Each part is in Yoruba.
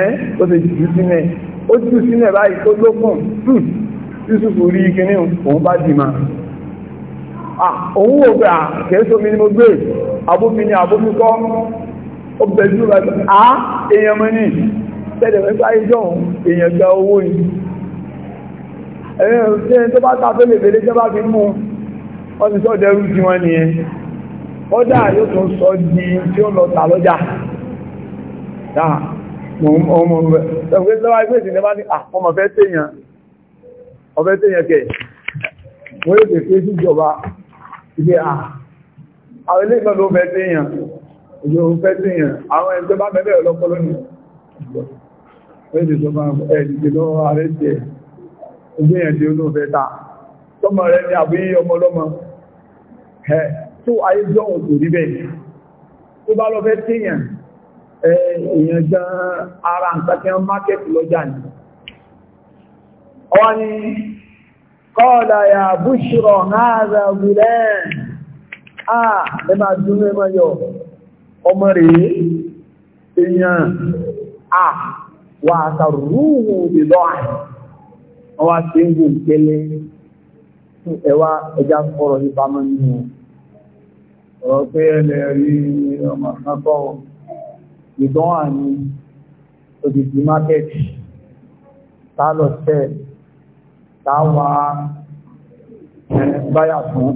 ẹ́ ó ti jù sílẹ̀ ó jù sílẹ̀ báyìí tó lókùn hmm. Yúsùfù rí kíní òun bá dìmá òun wò pé àkẹ́sọ́ mi ni mo gbé abófin ni abófíkọ́ ó bẹ̀jú rẹ̀ á èèyàn mọ́ ní tẹ́lẹ̀ mẹ́fà ìjọ́ èèyàn gba owó ni ẹ̀yàn tí ẹni tó bá tàbí lè bèèrè jẹ́ bá fi mú wọ́n ti sọ́ dẹrú jí wọ́n nìyẹn ó dáa yóò tún sọ di tí ó lọ tà lọ́jà dáa ọmọ ọ̀fẹ́ tẹ́fẹ́ lọ́wọ́ ẹgbẹ́ ìsìnlẹ̀ bá ní àpọmọ̀ fẹ́ tèèyàn ọ̀fẹ́ tèèyàn kẹ̀ wọ́n yóò tẹ̀fẹ́ sí ìjọba ilé àwọn ilé ìgbọ́n ló fẹ́ tèèyàn ìjọba fẹ́ tèèyàn àwọn ẹgbẹ́ bá bẹ̀rẹ̀ ọlọ́pọ̀ lónìí wọ́n yóò tẹ̀fẹ́ ẹ̀ẹ́dìdì lọ́wọ́ ààrẹ tẹ̀ ẹgbẹ́ yẹn tí ó ló fẹ́ ta tọ́mọ rẹ̀ ní àbí ọmọ ọlọ́mọ ẹ̀ tó ayé jọ́ èèyàn gan ara nǹkan tí wọ́n mákẹ́tì lọ́jà ní. Ọwá ni, kọ́ọ̀lá ya búṣírọ̀ náà gùlẹ̀ àà ẹ máa dúnú yọ ọmọ rẹ̀ èèyàn à wà àtàrúhù ìlọ́ ẹwà ẹja fọ́rọ̀ ìbámọ́ nínú ọ̀rọ̀ pé ọmọ ìgbọ́n wà ní òdìdí mákẹ́tì tá lọ tẹ́ tá wà báyà fún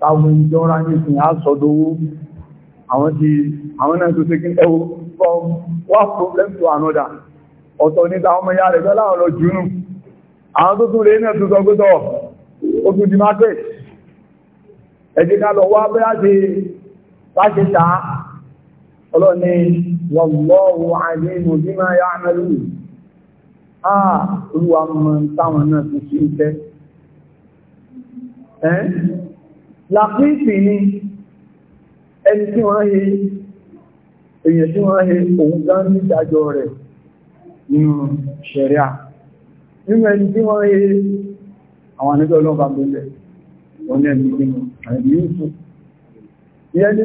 táwọn ìjọ ń ráyé sí àṣọdówó àwọn tí àwọn náà tó sékí ẹwọ from one problem to another ọ̀tọ̀ níta ọmọ ìyá rẹ̀ fẹ́ láwọn lọ jùnú àwọn tó tún lè náà tó sọ pẹ́tọ̀ ó tún di market ẹ̀jẹ̀ ká lọ wá bẹ́ ọlọ́ni wallahu alimun bima ya'malun àà olúwa mọ̀ táwọn náà ti ṣe ìfẹ́ ẹ́ làpíìsì ni ẹni tí wọ́n he èyàn tí wọ́n he òun gan ní ìdájọ́ rẹ̀ nínú ṣẹ̀ríà nínú ẹni tí wọ́n he àwọn àníjọ́ wọ́n ní ẹni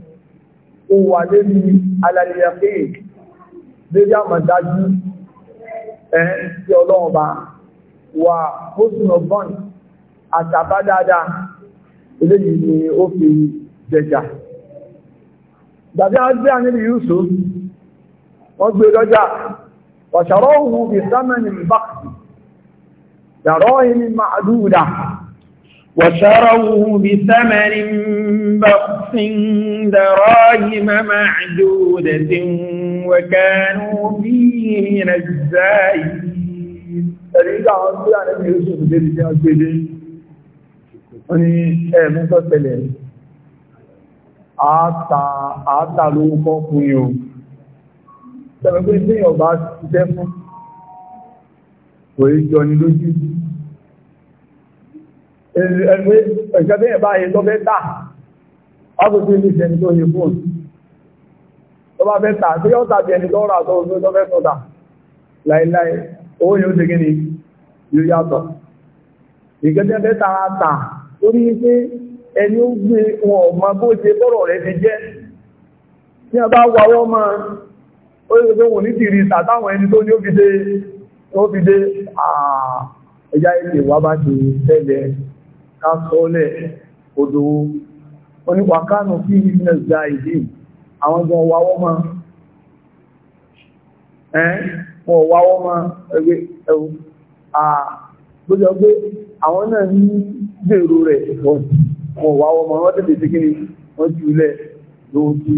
ó wà lérí alàlẹ́yẹ̀fẹ́ lérí àmọ̀dájú ẹ̀ tí ọlọ́run bá wà pósùnà bọ́n àtàbá dáadáa eléyìí ni ó fi jẹjà dàbí a gbé àníbi yúùsù wọ́n gbé lọ́jà wàṣàrọ̀ òhun ìsámẹ́ni bá yàrá ìní máa dúdà وشروه بثمن بخس دراهم معدودة وكانوا فيه من الزاهدين Ẹ̀ríkà àwọn tí a ní oṣù tó débi tí wọ́n gbé dé, ó ní ẹ̀mú tó tẹ̀lẹ̀, àátà lówó kọ́ fún yóò. Tẹ̀lẹ̀ pé tí ọba ti jẹ́ fún, kò í jọ ni lójú. ẹgbẹ́ ẹ̀kẹ́ tí ìbá yìí tó fẹ́ tà ọ́gbẹ̀tí ní ṣe tó yìí fún tó bá fẹ́ tà tí tàbí ẹni tó rà tó oṣù tó fẹ́ tọ́ta láìláì owó yóò ṣe gíní yóò yàtọ̀ ìkẹ́ tara tà pé ẹni ó gbé wọn a bá wà wọ́n mọ́ ó yẹ kásọ́lẹ̀ odò oníwàkánù sí ìrìnà ìgbà ìdí àwọn ọgbọ̀n wáwọ́ ma ẹ́n wọ́n wáwọ́ ma ẹgbẹ́ ẹ̀wù àgbójọ pé àwọn náà ní gbèrò rẹ̀ wọ́n wáwọ́ ma wọ́n tẹ̀lé síkí wọ́n ti ilẹ̀ lóòtí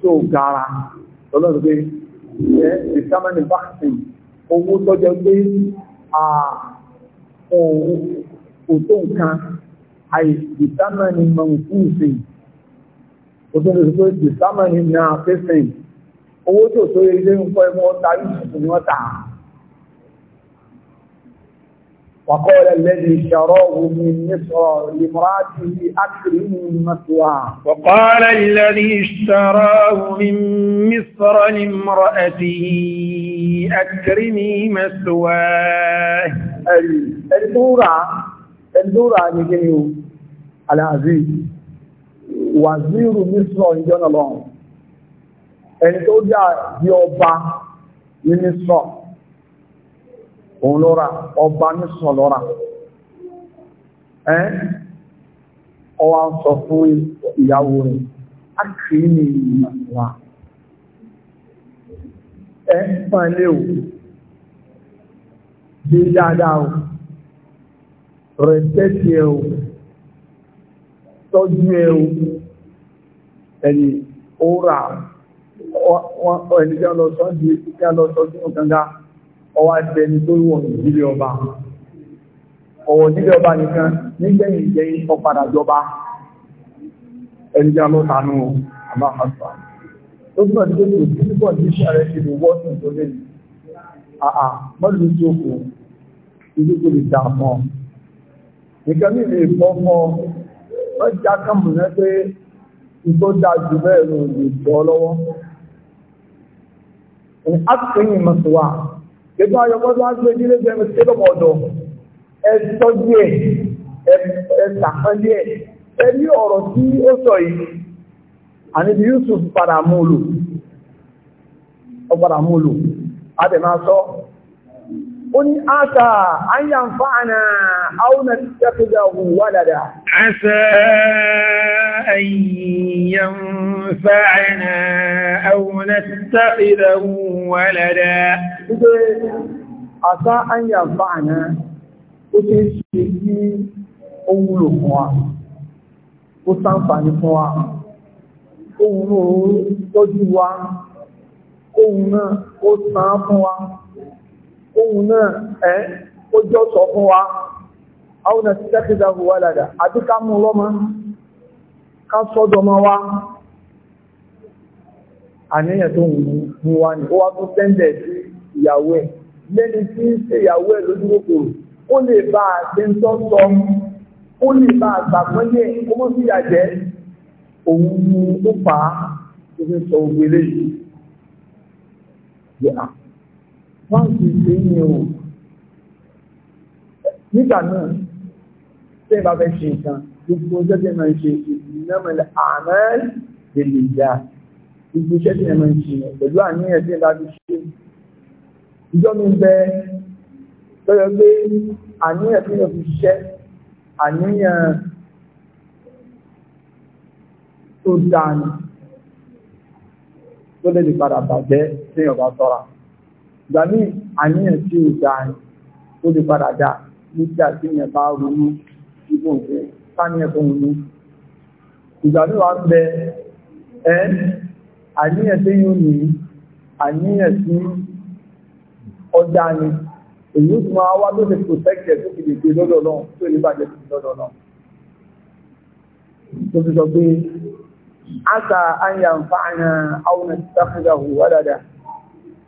tó gara lọ́lọ́dọ̀ pé kò tó nǹkan àìsìtámẹ́ni mọ̀nkúùsì kò tó lóṣù pé ìsìtámẹ́ni náà fẹ́fẹ́ owó tó tó yẹ ilé ń kọ́ ẹmọ ọta yìí ni wọ́n tà á. وقال الذي شروه من مصر لامرأته أكرمي مثواه وقال الذي اشتراه من مصر لامرأته أكرمي مثواه الدورة ẹ̀dúrà ní kí ni o aláàzí wàzírù mísọ̀ ìjọ́nà lọ́rùn ẹni tó dá di ọba ní mísọ̀ òun lọ́ra ọba mísọ̀ lọ́ra ẹ́ ọwá ń sọ fún ìyàwó rẹ̀ á kìí ní ìmọ̀ wa ẹ́ pàlẹ́ o dé dáadáa o rẹ̀tẹ́tì ẹ̀ o tọ́jú ẹ̀ o ẹni ó rà ẹni tí a lọ sọ́jú tí a lọ sọ́jú ọ̀gángá ọwọ́ àti ẹni tó wọ̀ nílé ọba ọwọ́ nílé ọba nìkan nígbẹ̀yìn ìgbẹ̀yìn ọ̀padà jọba ẹni tí a lọ tánú àbá àfà ó túnbọ̀ tí ó ti púpọ̀ ní ìṣàrẹ́ ìlú wọ́ọ̀tún tó lè àà mọ́lùú tí ó kù ìdíkù lè dà mọ́ ọ nìkan ní ilé ìfọ́fọ́ wọ́n já kàmù náà pé ìgbó dájú bẹ́ẹ̀ ló lè bọ́ lọ́wọ́ ní àtìkẹ́yìn mọ̀sùwà gbogbo ayọ̀kọ́ tó á gbé nílé bẹ́ẹ̀ ṣe lọ́pọ̀ ọ̀dọ̀ ẹ tọ́jú ẹ̀ ẹ sàkánlé ẹ̀ ẹ ní ọ̀rọ̀ tí ó sọ yìí àníbi Yusuf padà mú lò ọ padà mú lò á dẹ̀ máa sọ قل عسى أن ينفعنا أو نتخذه ولدا عسى أن ينفعنا أو نتخذه ولدا عسى أن ينفعنا وتشكي أول فوا وتنفعني فوا أول تجوا أول وتنفعني ohun náà ẹ́ ó jọ sọ fún wa àwọn àti tẹ́kìdá wà ládà àti ká mú lọ́mọ ká sọ́dọ̀ mọ́ wa àníyàn tó mú wa ní ó wá tó tẹ́ndẹ̀ sí ìyàwó ẹ̀ lẹ́ni tí ń ṣe ìyàwó ẹ̀ lójú ó lè bá a ṣe ń tọ́ sọ ó lè bá a gbàgbọ́nlé ó mọ́ sí ìyàjẹ́ òun ni ó fà á tó fi sọ ògbélé yìí fáǹsì ṣe ń yẹ o nígbà náà tẹ́ ẹ bá fẹ́ ṣe nǹkan gbogbo iṣẹ́ tẹ́ ẹ máa ń ṣe ìnámọ̀lẹ̀ àmẹ́l lè lè yá gbogbo iṣẹ́ tẹ́ ẹ máa ń ṣe pẹ̀lú àníyàn tẹ́ ẹ bá fi ṣe ìjọ mi bẹ lọ́yọ̀ pé àníyàn tí mo fi ṣiṣẹ́ àníyàn tó dáa ni tó lè lè padà bàjẹ́ tí èèyàn bá tọ́ra ìgbà míì àníyàn tí ò dáa ni ó lè padà dá nígbà tí yẹn bá ronú ìbò òfin sáníyàn tó ń ní ìgbà míì wà ń bẹ ẹ àníyàn tí yóò ní àníyàn tí ọjà ni èyí ó tún máa wá ló lè protect ẹ̀ tó fi lọ́dọ̀ náà tó lè bàjẹ́ tó lọ́dọ̀ náà tó fi sọ pé àṣà àyànfà àyàn àwọn ìṣàkóso àwòrán dáadáa.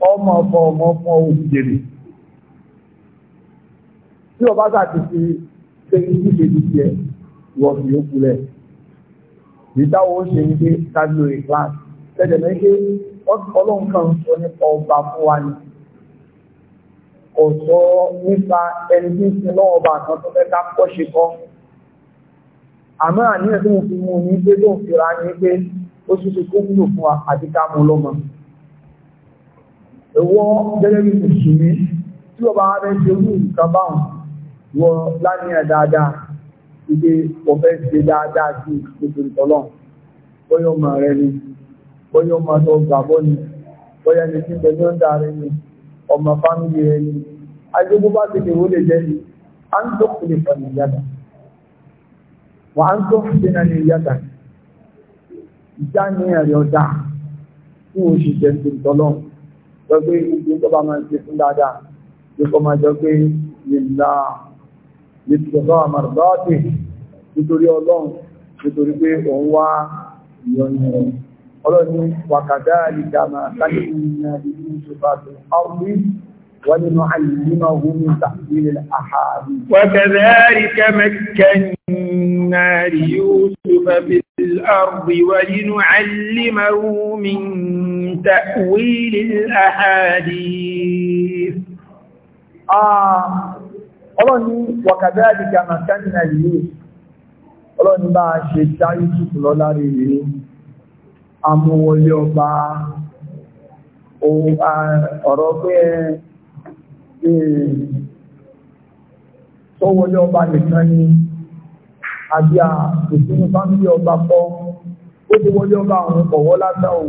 ọmọ ọmọ ọmọ ọmọ òjèrè tí ọba sàti fi ṣéyí tí ṣe ti tiẹ̀ wọ fi òkú lẹ ìdáwó ṣe ń gbé kájú ìgbàs tẹjẹ náà ṣe Ọlọ́run kan sọ nípa ọba fún wa ni kò sọ nípa ẹni tí ń sin lọ́wọ́ ọba kan tó fẹ́ ká kọ́ ṣe kọ́ àmọ́ àníyàn tí mo fi mú un ní pé tó ń fira ní pé ó ṣeéṣe kó wúlò fún wa àti ká mú lọ́mọ ẹwọ́ gẹ́gẹ́ bí mùsùlùmí tí ọba rẹ̀ ṣe mú nǹkan báwọn wọ lánìyàn dáadáa ìdè ọ̀fẹ́ ṣe dáadáa sí nítorí tọ́lọ́ bóyá ọmọ rẹ ni bóyá ọmọ tó gbàgbọ́ ni bóyá ẹni tí bẹ́ẹ̀ ní ó ń dà rẹ ni ọmọ fámìlì rẹ ni ajogún bá ti dèrò lè jẹ́ ni à ń tó kúlè fún mi yàtọ̀ wà á ń tó fi náà ní yàtọ̀ ìjà ní ẹ̀rọ dáa tí o sì jẹ́ nítorí tọ́lọ́run sọ pé gbogbo tó bá máa ń ṣe fún dáadáa ló kọ́ máa jọ pé lèlá lètùtùkọ́ àmàrùbáàtì nítorí ọlọ́run nítorí pé òun wá ìyọnu rẹ̀ ọlọ́run wàkàdá àlìkàmà sáyé ìrìnà ìlú ìṣòfà tó ولنعلمه من تحويل الأحاديث وكذلك مكنا ليوسف في الأرض ولنعلمه من تأويل الأحاديث آه ọlọ́ni وكذلك مكنا ليوسف ọlọ́ni bá a ṣe dá yusuf lọ́lá rí rí amúwọlé ọba ọ̀rọ̀ pé pé sọ́wọ́lé ọba nìkan ni àbí àtòsínú fámílì ọba kọ́ ó ti wọlé ọba àwọn ọ̀wọ́ lásán o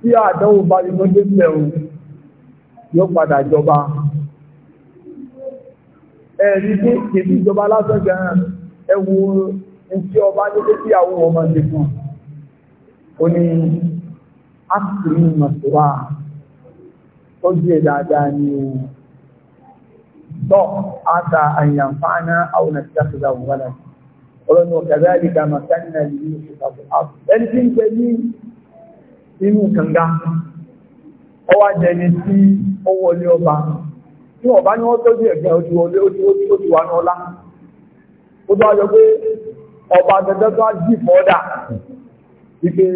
tí àdánwò bá ní ló dé bẹ̀rù yóò padà jọba ẹ̀rí tí kìí jọba lásán gan ẹ wo tí ọba ní pé kíyàwó ọmọ ti fún un ó ní ákìrí màtúwà tọ́jú ẹ̀ dáadáa ni o tọ́ àtà àyànfààná àwọn àtìjáfẹ́dà wọ́lá ọlọ́nu ọ̀kadà àdìgá màkánná yìí ní ìṣèkàfọ́ àpò ẹni tí ń pẹ́ ní inú kànga ọwọ́ àjẹni tí ó wọlé ọba tí ọba ni wọ́n tọ́jú ẹ̀gbẹ́ ojú wọlé ojú ojú wa ní ọlá ó tó wájọ pé ọba gẹ́gẹ́ tó á jì fọ́dà wípé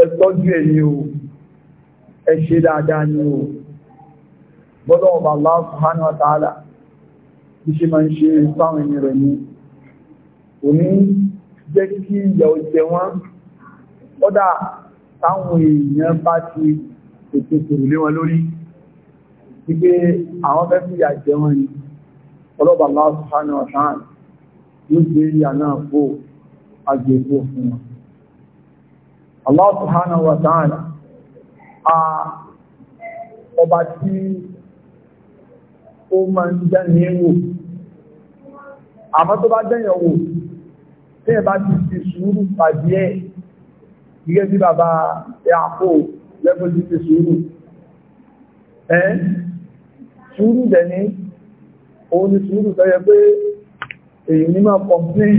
ẹ tọ́jú ẹ̀yìn o ẹ ṣe dáadáa ni o. bọ́lọ̀ ọba Allah subhanahu wa ta'ala ṣe máa ṣe sáwọn jẹ́ kí jẹ wọn táwọn èèyàn bá ti ètò lé wọn lórí wípé àwọn jẹ e wọn ni ó máa ń dẹ́ni wò àmọ́ tó bá dẹ́yàn wò tí ẹ bá ti fi sùúrù pàdé ẹ̀ gẹ́gẹ́ bí bàbá ẹ̀kọ́ lẹ́gbẹ̀ẹ́ ti fi sùúrù ẹ̀ sùúrù dẹ̀ni òun ni sùúrù tó yẹ pé èyí ní máa complain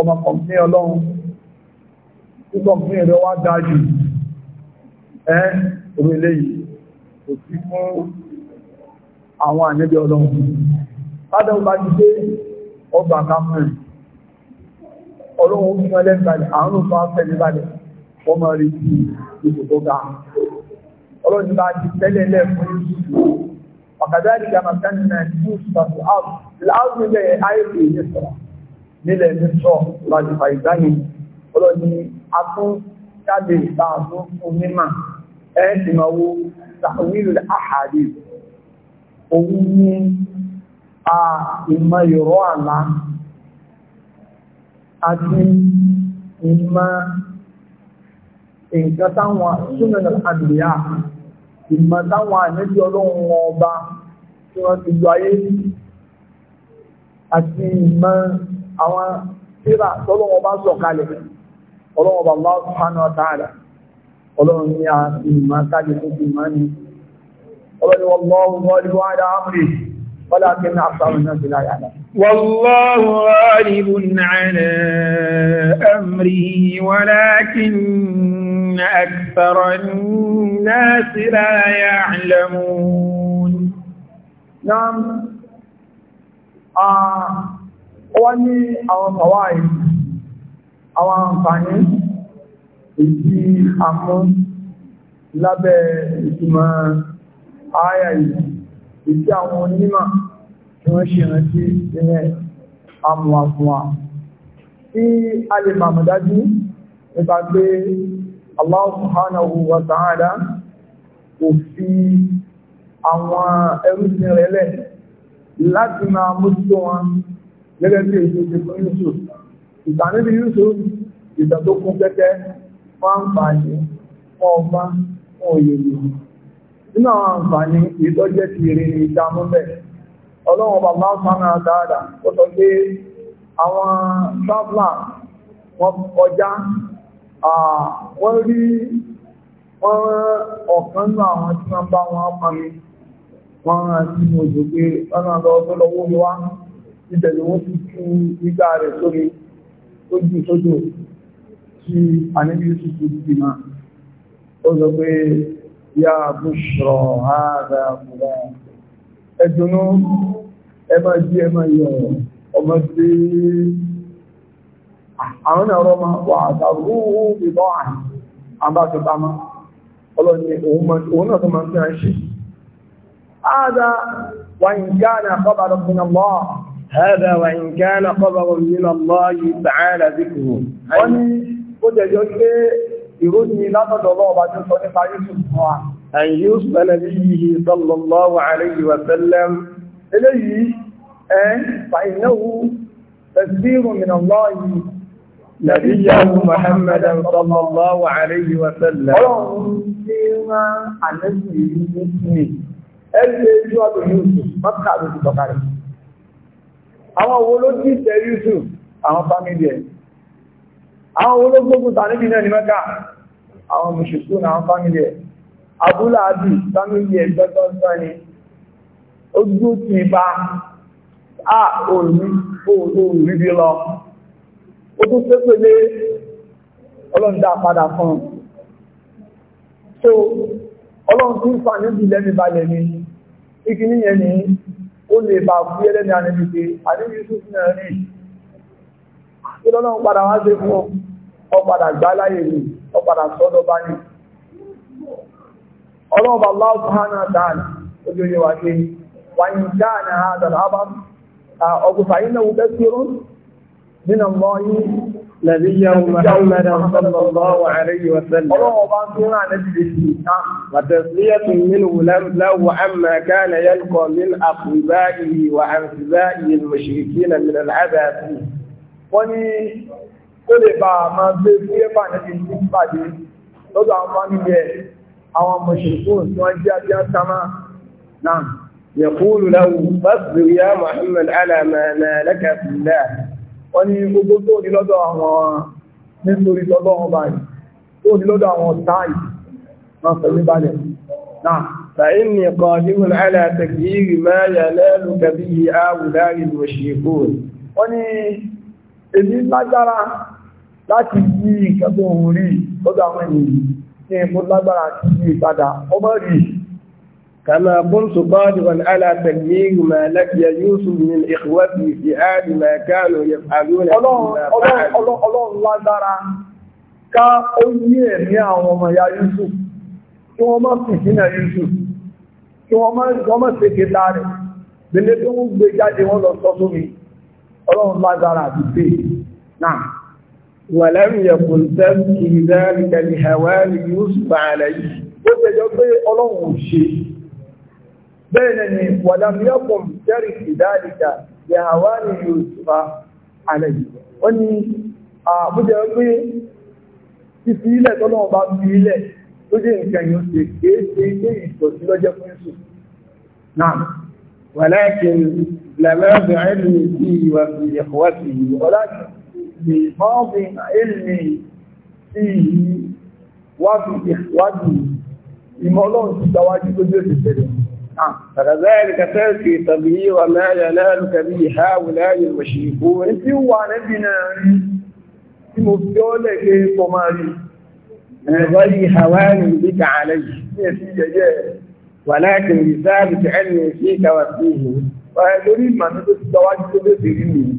ọmọ complain ọlọ́run tí complain rẹ̀ wá dájú ẹ̀ òun eléyìí kò sí fún àwọn ànẹ́bí ọlọ́run fádọ́ bá ti dé ọba kámẹ́rin ọlọ́run fún ẹlẹ́gbàlẹ̀ àánú bá fẹ́lẹ́ balẹ̀ wọ́n máa rí sí ipò tó ga ọlọ́run bá ti tẹ́lẹ̀ lẹ̀ fún ọ̀kadà àdìgá màkánì náà òun ní a ìmọ̀ ìrọ̀ àlá àti ìmọ̀ nǹkan táwọn súnmọ̀nà àdìyà ìmọ̀ táwọn àníbi ọlọ́run ọba tí wọ́n ti lọ ayé àti ìmọ̀ àwọn tíra tọ́lọ́run ọba sọ̀kalẹ̀ ọlọ́run ọba Allah subhanahu wa ta'ala ọlọ́run ní a ìmọ̀ káàkiri tó ti mọ́ ni. قال والله غالب على امره ولكن اكثر الناس لا يعلم والله غالب على امره ولكن اكثر الناس لا يعلمون نعم آه وأن طوائف أو أنفاني في أمر لا بإتمام aya yìí ìdí àwọn onímọ̀ tí wọ́n ṣe rántí ilẹ̀ amúhàfúnwà tí a lè màmù dájú nípa pé Allah subhanahu kò fi àwọn ẹrúsìn rẹ̀ lẹ̀ láti máa mójútó wọn gẹ́gẹ́ bí èyí ti fún Yusuf ìgbà níbi Yusuf ìgbà tó kún kẹ́kẹ́ fún àǹfààní fún ọba nínú àwọn àǹfààní ìtọ́jẹ́ ti rí ìdámú bẹ̀. ọlọ́run bàbá sánà dáadáa ó sọ pé àwọn sáflà wọ́n kọjá wọ́n rí wọ́n ọ̀kan náà àwọn tí wọ́n bá wọn pami wọ́n rán sí ojú pé ọ̀nà lọ tó lọ́wọ́ mi wá ìbẹ̀lú wọn ti tú igbá rẹ̀ sórí tójú tójú tí àníbi tuntun ti máa ó sọ pé يا بشرى هذا فلان الجنوب اما جي اما يوم ومسي أنا رمى وعذروه بضاعة عم باك الأمى قالوا إني أمة أمة من شيء هذا وإن كان خبرا من الله هذا وإن كان خبر من الله تعالى ذكره. أني قد يقول ìròyìn látọ̀dọ̀ ọlọ́ọ̀bá tó sọ nípa Yusuf fún wa. Ẹ̀yìn Yusuf ẹlẹ́bí yìí sallallahu alayhi wa sallam. Eléyìí ẹ̀ fàìnáwó tẹ̀síìrù mìíràn lọ́yìn Nàbí Yàwó Ọlọ́run ti rán àlẹ́sì yìí ní ẹgbẹ́ ojú ọdún Yusuf, Mọ́kà ló ti tọ́kari. Àwọn wo ló ti tẹ Yusuf? Àwọn fámìlì ẹ̀. Àwọn wo ló gbógun tà náà ní Mẹ́kà? àwọn mùsùlùmí náà fámílì ẹ̀ abúlé àbí fámílì ẹ̀ gbẹ́gbẹ́gbẹ́ ni ó dúró ti bá a òòrùn ríbi lọ ó tún sépèlé ọlọ́ndà padà fún so ọlọ́run tún fà níbi lẹ́nu balẹ̀ ni ìkíní yẹn ni ó lè bá fú ẹlẹ́ni àníbi pé àníbi tún fún ẹ̀rín kí lọ́lọ́run padà wá sí fún ọ padà gbá láyé nìyí padà sọ́dọ̀ bá ní ọlọ́ọ̀bà láàbùhánà dáàlì ojúlé wa pé wáyé dáàlì àádọ́rọ̀ àbá ọgbùfà yìí náà wùbẹ́ sí rún nínú lọ́yí Nàbíyà Muhammad sallallahu alayhi wa sallam. Ọlọ́wọ́ bá ń tún náà lẹ́bi lè fi ìta. Wàtẹ̀síyà tún nínú lẹ́wọ̀ àmà káàlà yẹn kọ̀ min àkùnbá ìyí wa àǹfìbá ìyí mùsùlùmí nà min àlábàá sí. Wọ́n ní kó lè bá a máa gbé fún yẹ́bà níbi tí ń pàdé lọ́dọ̀ àwọn fámìlì ẹ̀ àwọn mọ̀ṣẹ̀kùn tí wọ́n jẹ́ ajá sámá náà. يقول له فاصبر يا محمد على ما نالك الله wọ́n ní gbogbo tó ní lọ́dọ̀ àwọn nítorí lọ́dọ̀ wọn báyìí tó ní lọ́dọ̀ àwọn táì wọn pẹ̀lú balẹ̀ náà فإني قادم على تكيير ما ينالك به هؤلاء المشركون wọ́n ní èmi lágbára láti yí nǹkan tó ń rí lọ́dọ̀ àwọn ènìyàn ní epo lágbára ti yí padà ọmọ rí kàmà bọ́nsù bọ́dìwọ̀n alátẹ̀lẹ́ ìgbìmọ̀ lẹ́kìá Yusuf ní ìkwẹ́bì fi áàdì mẹ́kánù ọlọ́run lágbára ká ó yí ẹ̀mí àwọn ọmọ ya kí wọ́n má fi tó ń gbé jáde wọ́n lọ sọ sómi ọlọ́run lágbára àti bẹ́ẹ̀ náà ولم يكن تبكي ذلك لهوان يوسف عليه ó tẹjọ pé ọlọ́run ṣe bẹ́ẹ̀ ni ولم يكن ترك ذلك لهوان يوسف عليه ó ní àbújẹ pé fífi ilẹ̀ tọ́lọ́run bá fi ilẹ̀ tó jẹ́ nǹkan yóò ṣe kéé ilé ìtọ́sí lọ́jọ́ fún yusuf náà ولكن لما بعلمه وفي إخوته ولكن ببعض علمي فيه وفي إخوتي ìmọ̀ ọlọ́run ti gbáwájú tó bí ó ti tẹ̀lé. فكذلك تلقي طبيعي وما ينالك به هؤلاء المشركون tí ó wà nẹ́bìnà rí tí mo fi ọ́ lẹ́gbẹ́ kọ ولكن بثابت علمي فيك وفيه wà lórí ìmọ̀ tó ti gbáwájú tó bí ó rí nìyí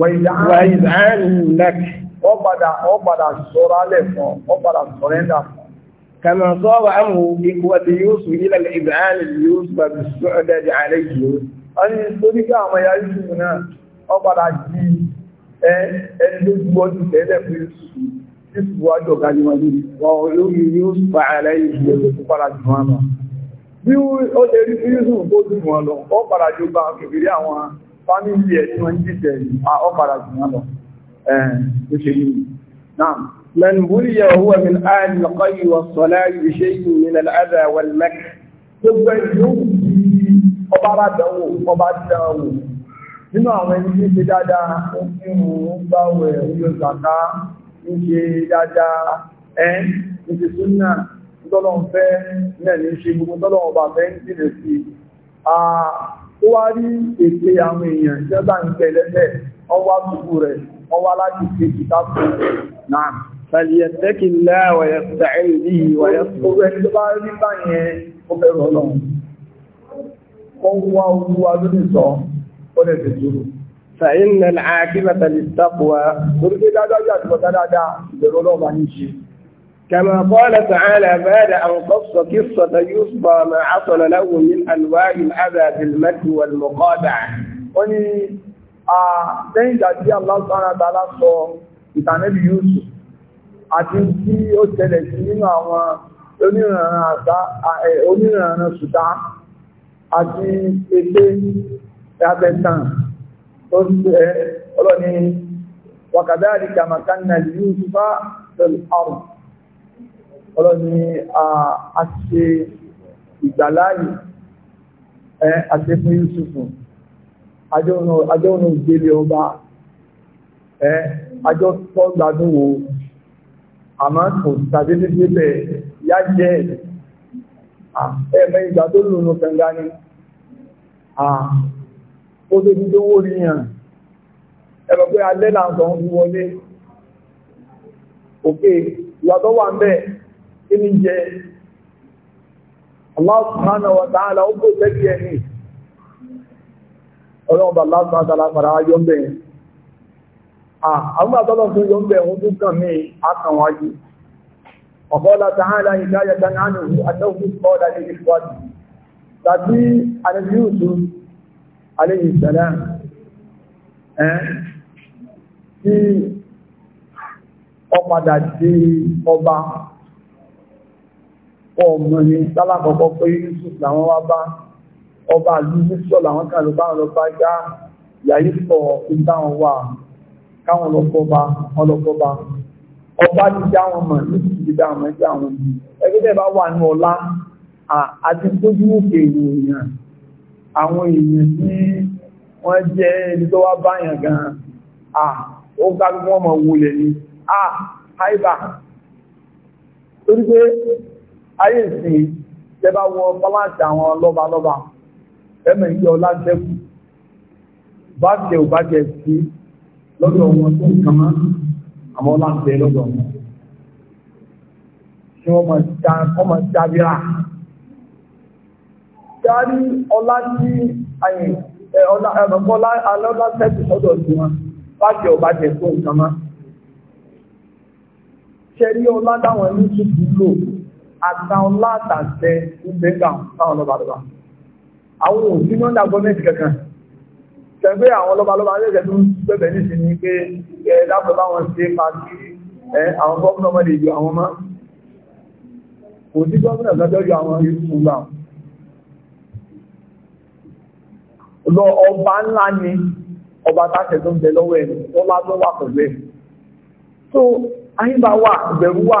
wàìdánilẹ́kì ó padà ó padà sọ́rọ̀ alẹ́ fún ó padà sọ́rẹ́ndà fún kàmà sọ́rọ̀ àmú ìkúwàtí Yusuf ilẹ̀ ìbáàlì Yusuf àti sọ́ọ̀dẹ̀dẹ̀ àlẹ́ yìí ó ní torí kí àwọn ya Yusuf náà ó padà jí ẹni tó gbọ́ ti tẹ́lẹ̀ fún Yusuf Yusuf wá jọ gani wọn ní wọn olórí Yusuf àlẹ́ yìí ó padà jù wọn lọ bí ó ṣe rí Yusuf tó jù wọn lọ ó padà jù bá kèfèrè àwọn fámílì ẹ̀ tí wọ́n ń dìtẹ̀ ọ̀pàdà jù wọ́n lọ ẹ̀ẹ́dẹ́ṣẹ́lú náà من بلي وهو من آل القي والصلاة بشيء من الأذى والمكر gbogbo ìlú ọba bá dánwò ọba dánwò nínú àwọn ẹni tí ń ṣe dáadáa ó fi hù ú gbáwẹ̀ oyo zaka fẹ́ náà ṣe gbogbo tọ́lọ́ ọba fẹ́ ń jìnà sí i wá rí ète àwọn èèyàn ìjọba ń tẹ lẹ́sẹ̀ ọwọ́ rẹ̀ ọwọ́ láti ṣe kìtà fún náà. Fàlìyàtẹ́kì láwọ̀ tó bá rí báyẹn ó wá lórí sọ, ó lè fi dúró. dáadáa, ìbẹ̀rù ṣe. كما قال تعالى بعد أن قص قصة يصبى ما حصل له من أنواع الأذى بالمكر والمقاطعة ó ní lẹ́yìn ìgbà tí Allah Subhanahu wa ta'ala sọ ìtànẹ́bí Yusuf àti tí ó tẹ̀lẹ̀ sí nínú àwọn onírànràn ṣùtá àti ètè abẹ́tàn tó ń pẹ́ ọlọ́ni wa kadhalika makanna li Yusufa fil ardh ọlọ́ni àṣe ìgbàláyì àṣe fún Yusufu ajọ́nà ìgbélé ọba ajọ́ tọ́ gbádùn wo àmọ́ kò tàbí níbi bẹ̀ yá jẹ́ ẹ̀mẹ́ ìgbà tó lùnú kẹngá ní ó tó ti tó wó rí yàn ẹ̀rọ pé alẹ́ làǹkan wọlé òkè ìyàtọ̀ wà ń bẹ́ẹ̀ E ni jẹ Allah subhanahu wa ta'ala ó kò tẹ́kì ẹni ọlọ́run bá Allah subhanahu wa yọ ń bẹ̀ yẹn àwọn àtọ́lọ́ fún yọ bẹ̀ òun tún kàn mí ta'ala tàbí ọpadà sí ọba ọmọ ni lálàkọ́kọ́ pé yusuf làwọn wá bá ọba àlú yusuf làwọn kan ló báwọn lọ bá já yàyí sọ ìdáhùn wà káwọn lọ bọba wọn lọ bọba ọba ti já wọn mọ yusuf ti dá wọn já wọn bí ẹgbẹ́ tẹ́ bá wà ní ọlá àti tójú òkè èèyàn àwọn èèyàn tí wọ́n jẹ́ ẹni tó wá báyàn gan-an ó gbágbọ́n ọmọ wulẹ̀ ni àìbà torí pé ayé ìsìn tẹ́bá wọ pálásì àwọn lọ́balọ́ba ẹ̀mẹ̀ ń yọ láṣẹ́kù bàjẹ́ ò bàjẹ́ sí lọ́dọ̀ wọn tó kàn án àmọ́ láṣẹ lọ́dọ̀ wọn tí wọ́n máa ta wọ́n máa dábìrà dárí ọlá tí ayé ọlá ẹ̀mọ̀kọ́lá alọ́lá sẹ́kù sí wọn bàjẹ́ ò bàjẹ́ tó kàn án ṣẹ́rí ọlá dáwọn ẹni tó dúró àtàwọn látàṣẹ ìgbẹ́ táwọn lọ́balọ́ba àwọn òsínú ọ̀dà gọ́ọ̀mẹ́ntì kankan tẹ̀gbẹ́ àwọn lọ́balọ́ba lẹ́gbẹ̀ẹ́ tó ń bẹ̀bẹ̀ ní ìsinmi pé ẹ dábọ̀ báwọn ṣe pàtí ẹ àwọn gómìnà ọmọdé ìjọ àwọn ọmọ kò sí gómìnà sọjọ́ ju àwọn yòókù gbà lọ ọba ńlá ni ọba táṣẹ tó ń bẹ lọ́wọ́ ẹ̀ lọ́lá tó wà pẹ̀lú ẹ̀ tó ayínbá wà ìbẹ̀rù wà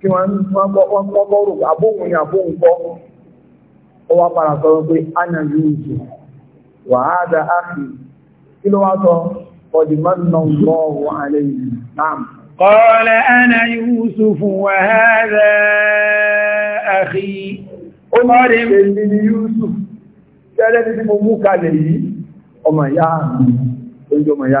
kí wọ́n kọ́kọ́ rò àbóhùn àbóhùn kọ́ ó wá padà sọ pé ánà yóò jù wàhádà áàfì kí ló wá sọ ọdìmọ́nà lọ́wọ́ alẹ́ yìí náà èmi ni Yusuf, tẹ́lẹ̀ ní mo mú kalẹ̀ yìí, ọmọ ìyá ọmọ ìyá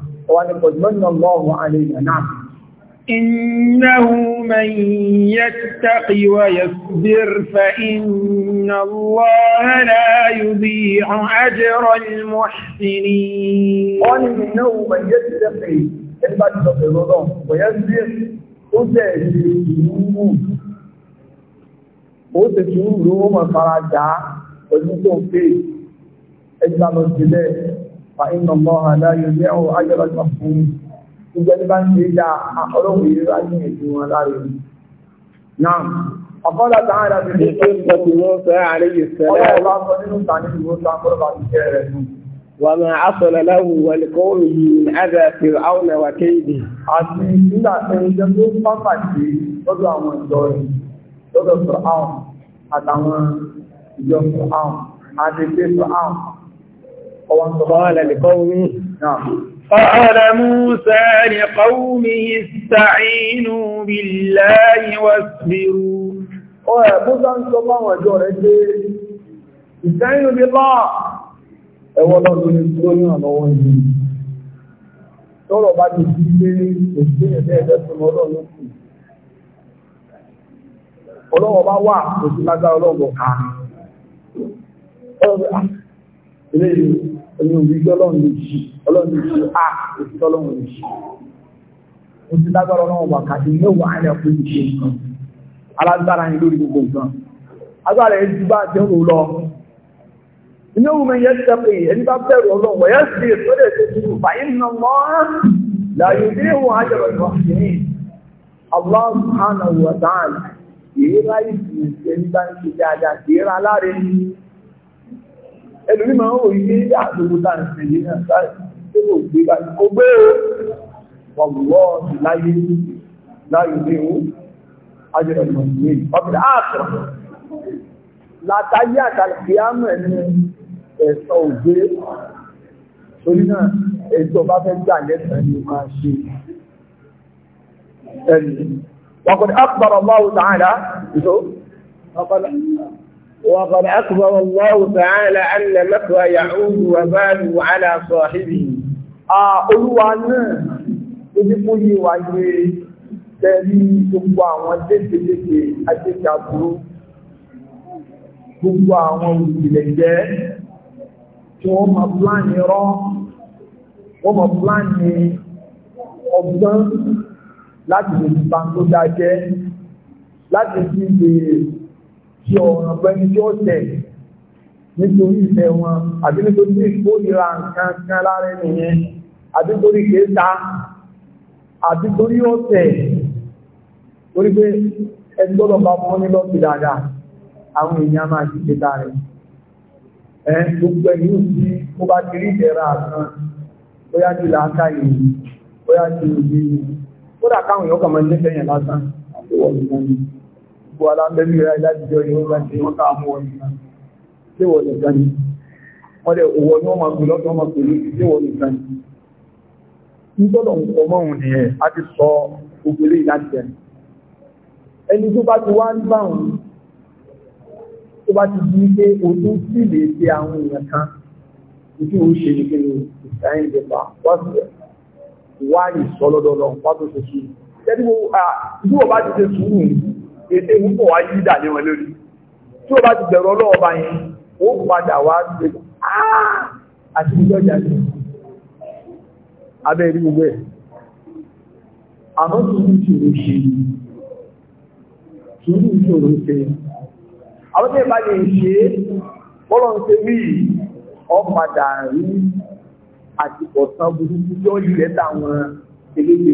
wọ́n ni pọ̀jùmọ́nà lọ́wọ́ àlèyàn náà إنه من يتق ويصبر فإن الله لا يضيع أجر المحسنين قال إنه من يتق ويصبر ó tẹ̀lé ìwúwú فإن الله لا يضيع أجر المحسنين ìjọba ń ṣe dá ọlọ́run yìí rà ní ètò wọn láre náà ọ̀pọ̀lá tààrà ti lè tó ìpọ̀tù wọn fẹ́ àríyè sẹ́lẹ̀ ọlọ́run sọ nínú ìtàn nínú ìwọ́n sọ akọ́lọ́bà ti jẹ́ rẹ̀ nù wà máa asọ̀lẹ̀ láwù wẹ̀lẹ̀kọ́ òyì ẹ̀dẹ̀ fi àwọn ẹ̀wà kéèdè àti nígbà ẹ̀yẹ tó pápá sí lọ́dọ̀ àwọn ìjọ rẹ̀ lọ́dọ̀ sọ àwọn àtàwọn ìjọ sọ àwọn àti قال لقومه نعم قال موسى لقومه استعينوا بالله واصبروا وموسى صلى الله عليه وسلم استعينوا بالله ẹwọ́lọ́ tó ní tó ní ọ̀nà wọn yìí tọ́rọ̀ bá ti fi lé òṣìṣẹ́ ẹ̀dẹ́ ẹ̀dẹ́ tó ní ọlọ́run ló kù ọlọ́wọ́ bá wà òṣìṣẹ́ lágbára ọlọ́run ẹ̀yìn òwúrí ọlọ́run lè ṣí ọlọ́run lè ṣí à òṣìṣẹ́ ọlọ́run lè ṣí mo ti lágbára ọlọ́run wákàtí mẹ́wàá rẹ̀ fún ìṣe nǹkan alágbára yẹn lórí gbogbo nǹkan agbára yẹn ti bá a ti ń rò lọ inú omi yẹn ti tẹ́pẹ́ ẹni bá bẹ̀rù ọlọ́run wọ̀ yẹn sì tó lè ṣe tuntun fàyín nà mọ́ láyé bí wọn á jọrọ ìwà sí ní Allah subhanahu wa ta'ala èèrà ìsìn ìṣẹ́ nígbà ń ṣe dáadáa èèrà aláre ẹlòmí máa ń wò yí ní àgbègbè tá à ń ṣe yìí náà sáré tó kò gbé báyìí kò gbé o wàwúwọ́ sí láyé láyé ní o ajẹ́rẹ́ ìmọ̀ sí èyí ọ̀pẹ̀ ààtọ̀ látàyé àtàlùkì àmọ̀ ẹ̀ ní ẹ̀sọ́ ògbé torí náà ètò ọba fẹ́ gbà lẹ́sàn-án ni máa ṣe ẹ̀yìn wàkùnrin akpọ̀rọ̀ máa wù tàn án rà ìṣó ọ̀pọ̀lọpọ̀. وقد أخبر الله تعالى أن مكر يعود وبال على صاحبه Olúwa náà tó bí kó yé wa yé tẹ́rí gbogbo àwọn léṣeléṣe ajéjàbúrú gbogbo àwọn òṣìlẹ̀ jẹ́ tí wọ́n máa pláàni rọ́ wọ́n máa pláàni ọgbọ́n láti lè fi bá tó dájẹ́ láti fi lè ṣe ọ̀ràn pẹ́ni tí ó tẹ̀ nítorí ìfẹ́ wọn àbí nítorí ìkórìíra nǹkan kan lára ẹni yẹn àbí torí kéta àbí torí ọ̀tẹ̀ torí pé ẹni gbọ́dọ̀ bá fún ní lọ́ọ̀tì dáadáa àwọn èèyàn máa ti kéta rẹ̀ ẹ gbogbo ẹni yóò ti kó bá ti rí ìdẹ̀ra kan bóyá ti làákà yìí bóyá ti òbí yìí kódà káwọn èèyàn kàn máa ń lé fẹ́yìn lásán àti wọ́n nìkan ni gbogbo alábẹ́bí rẹ̀ látijọ́ yóò tó bá ti wá pé o tún sì lè ṣe àwọn èèyàn kan ìdí òun ṣe ní kéde ìsáyìn ìjọba wá sí ẹ̀ wá ìsọlọ́dọ̀ọ́lọ́ wá tó ṣe sùúrù tẹ́lifù ìdí bá ti ṣe sùúrù ètè ìwúkọ̀ wá yí dà lé wọn lórí tí ó bá ti bẹ̀rù ọlọ́ọ̀ba yẹn ó padà wá ṣe àti ìjọ jáde abẹ́ rí gbogbo ẹ̀ àmọ́ sùúrù ìṣòro ṣe sùúrù ìṣòro ṣe àwọn tí ìbá lè ṣe bọ́lọ̀ ń ṣe wí ọ̀padà rí àti pọ̀sán burúkú yóò yẹ táwọn eléyìí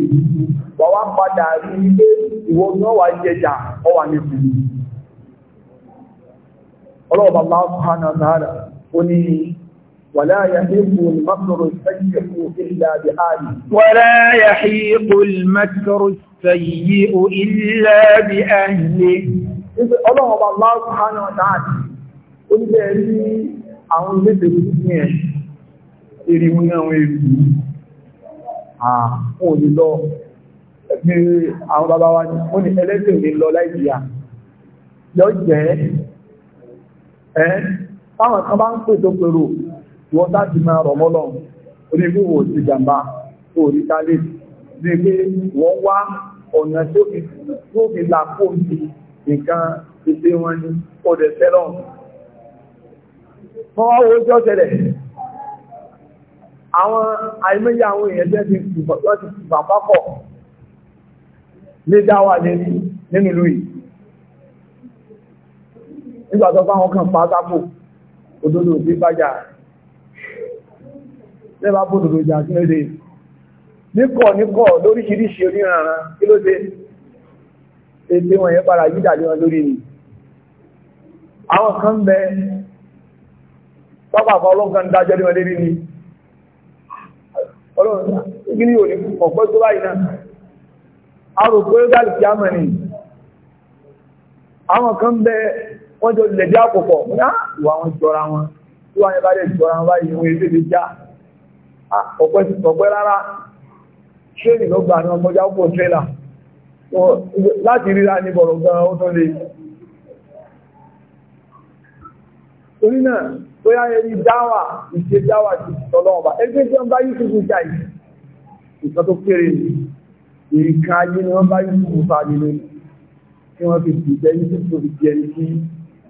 wọ́n wá padà rí ilé ìwọ náà wà jẹjà ọ wà ní ìlú ọlọ́ọ̀bà bá hànà sára ó ní ولا يحيق المكر السيء إلا بأهله ولا يحيق المكر السيء إلا بأهله ọlọ́run bá Allah subhanahu wa ta'ala ó ní bẹ́ẹ̀ rí àwọn ilé ìdèrú ní ẹ̀ èrè àwọn ah, òní lọ ní àwọn bàbá wa ní wọ́n ní ẹlẹ́sìn òní lọ láìjíríà yọ jẹ́ ẹ́ táwọn kan bá ń pè tó pèrò wọ́n láti máa rọ̀ mọ́lọ̀ onígbòwò ti jàmbá tó rí kálé ní pé wọ́n wá ọ̀nà tó fi là kóòtù nǹkan ìṣe wọn ní ọdẹ tẹ́lọ̀ wọ́n wá wo ojú ọ̀tẹ̀lẹ̀ àwọn àìmọye àwọn èèyàn jẹ́ ti fìgbà pápọ̀ lé dá wà lérí nínú ìlú yìí nígbà tó fáwọn kan pátápò òdodo òbí bájà lẹ́bàá bó òdodo jà sí lóde níkọ̀ níkọ̀ lóríṣiríṣi oníranran kí ló dé ètè wọn yẹn padà yídà lé wọn lórí ni àwọn kan bẹ pápá àfọlọ́gán dájọ́ lé wọn lérí ni ọlọ́run ibi ní òní ọ̀pọ̀ tó báyìí a rò pé dáàlì kí á mọ̀ ní àwọn kan bẹ wọ́n jọ lè já pọ̀pọ̀ ìwà wọn jọra wọn tí wọ́n yẹn bá dẹ̀ jọra wọn báyìí wọn èdè lè já ah, ọ̀pẹ́ ti pọ̀pẹ́ rárá tírẹ́nì ló gbà ní ọmọdé àpò tírẹ́là láti ríra ní bọ̀rọ̀ gan-an ó tó le torí bóyá ẹni dáwà ìṣe dáwà ti tọ́lọ́ọ̀bà ẹgbẹ́ tí wọ́n bá yí tuntun jà yìí nǹkan tó kéré ni nǹkan ayé ni wọ́n bá yí tuntun fa nínú tí wọ́n fi dìjẹ́ yí tuntun fi di ẹni tí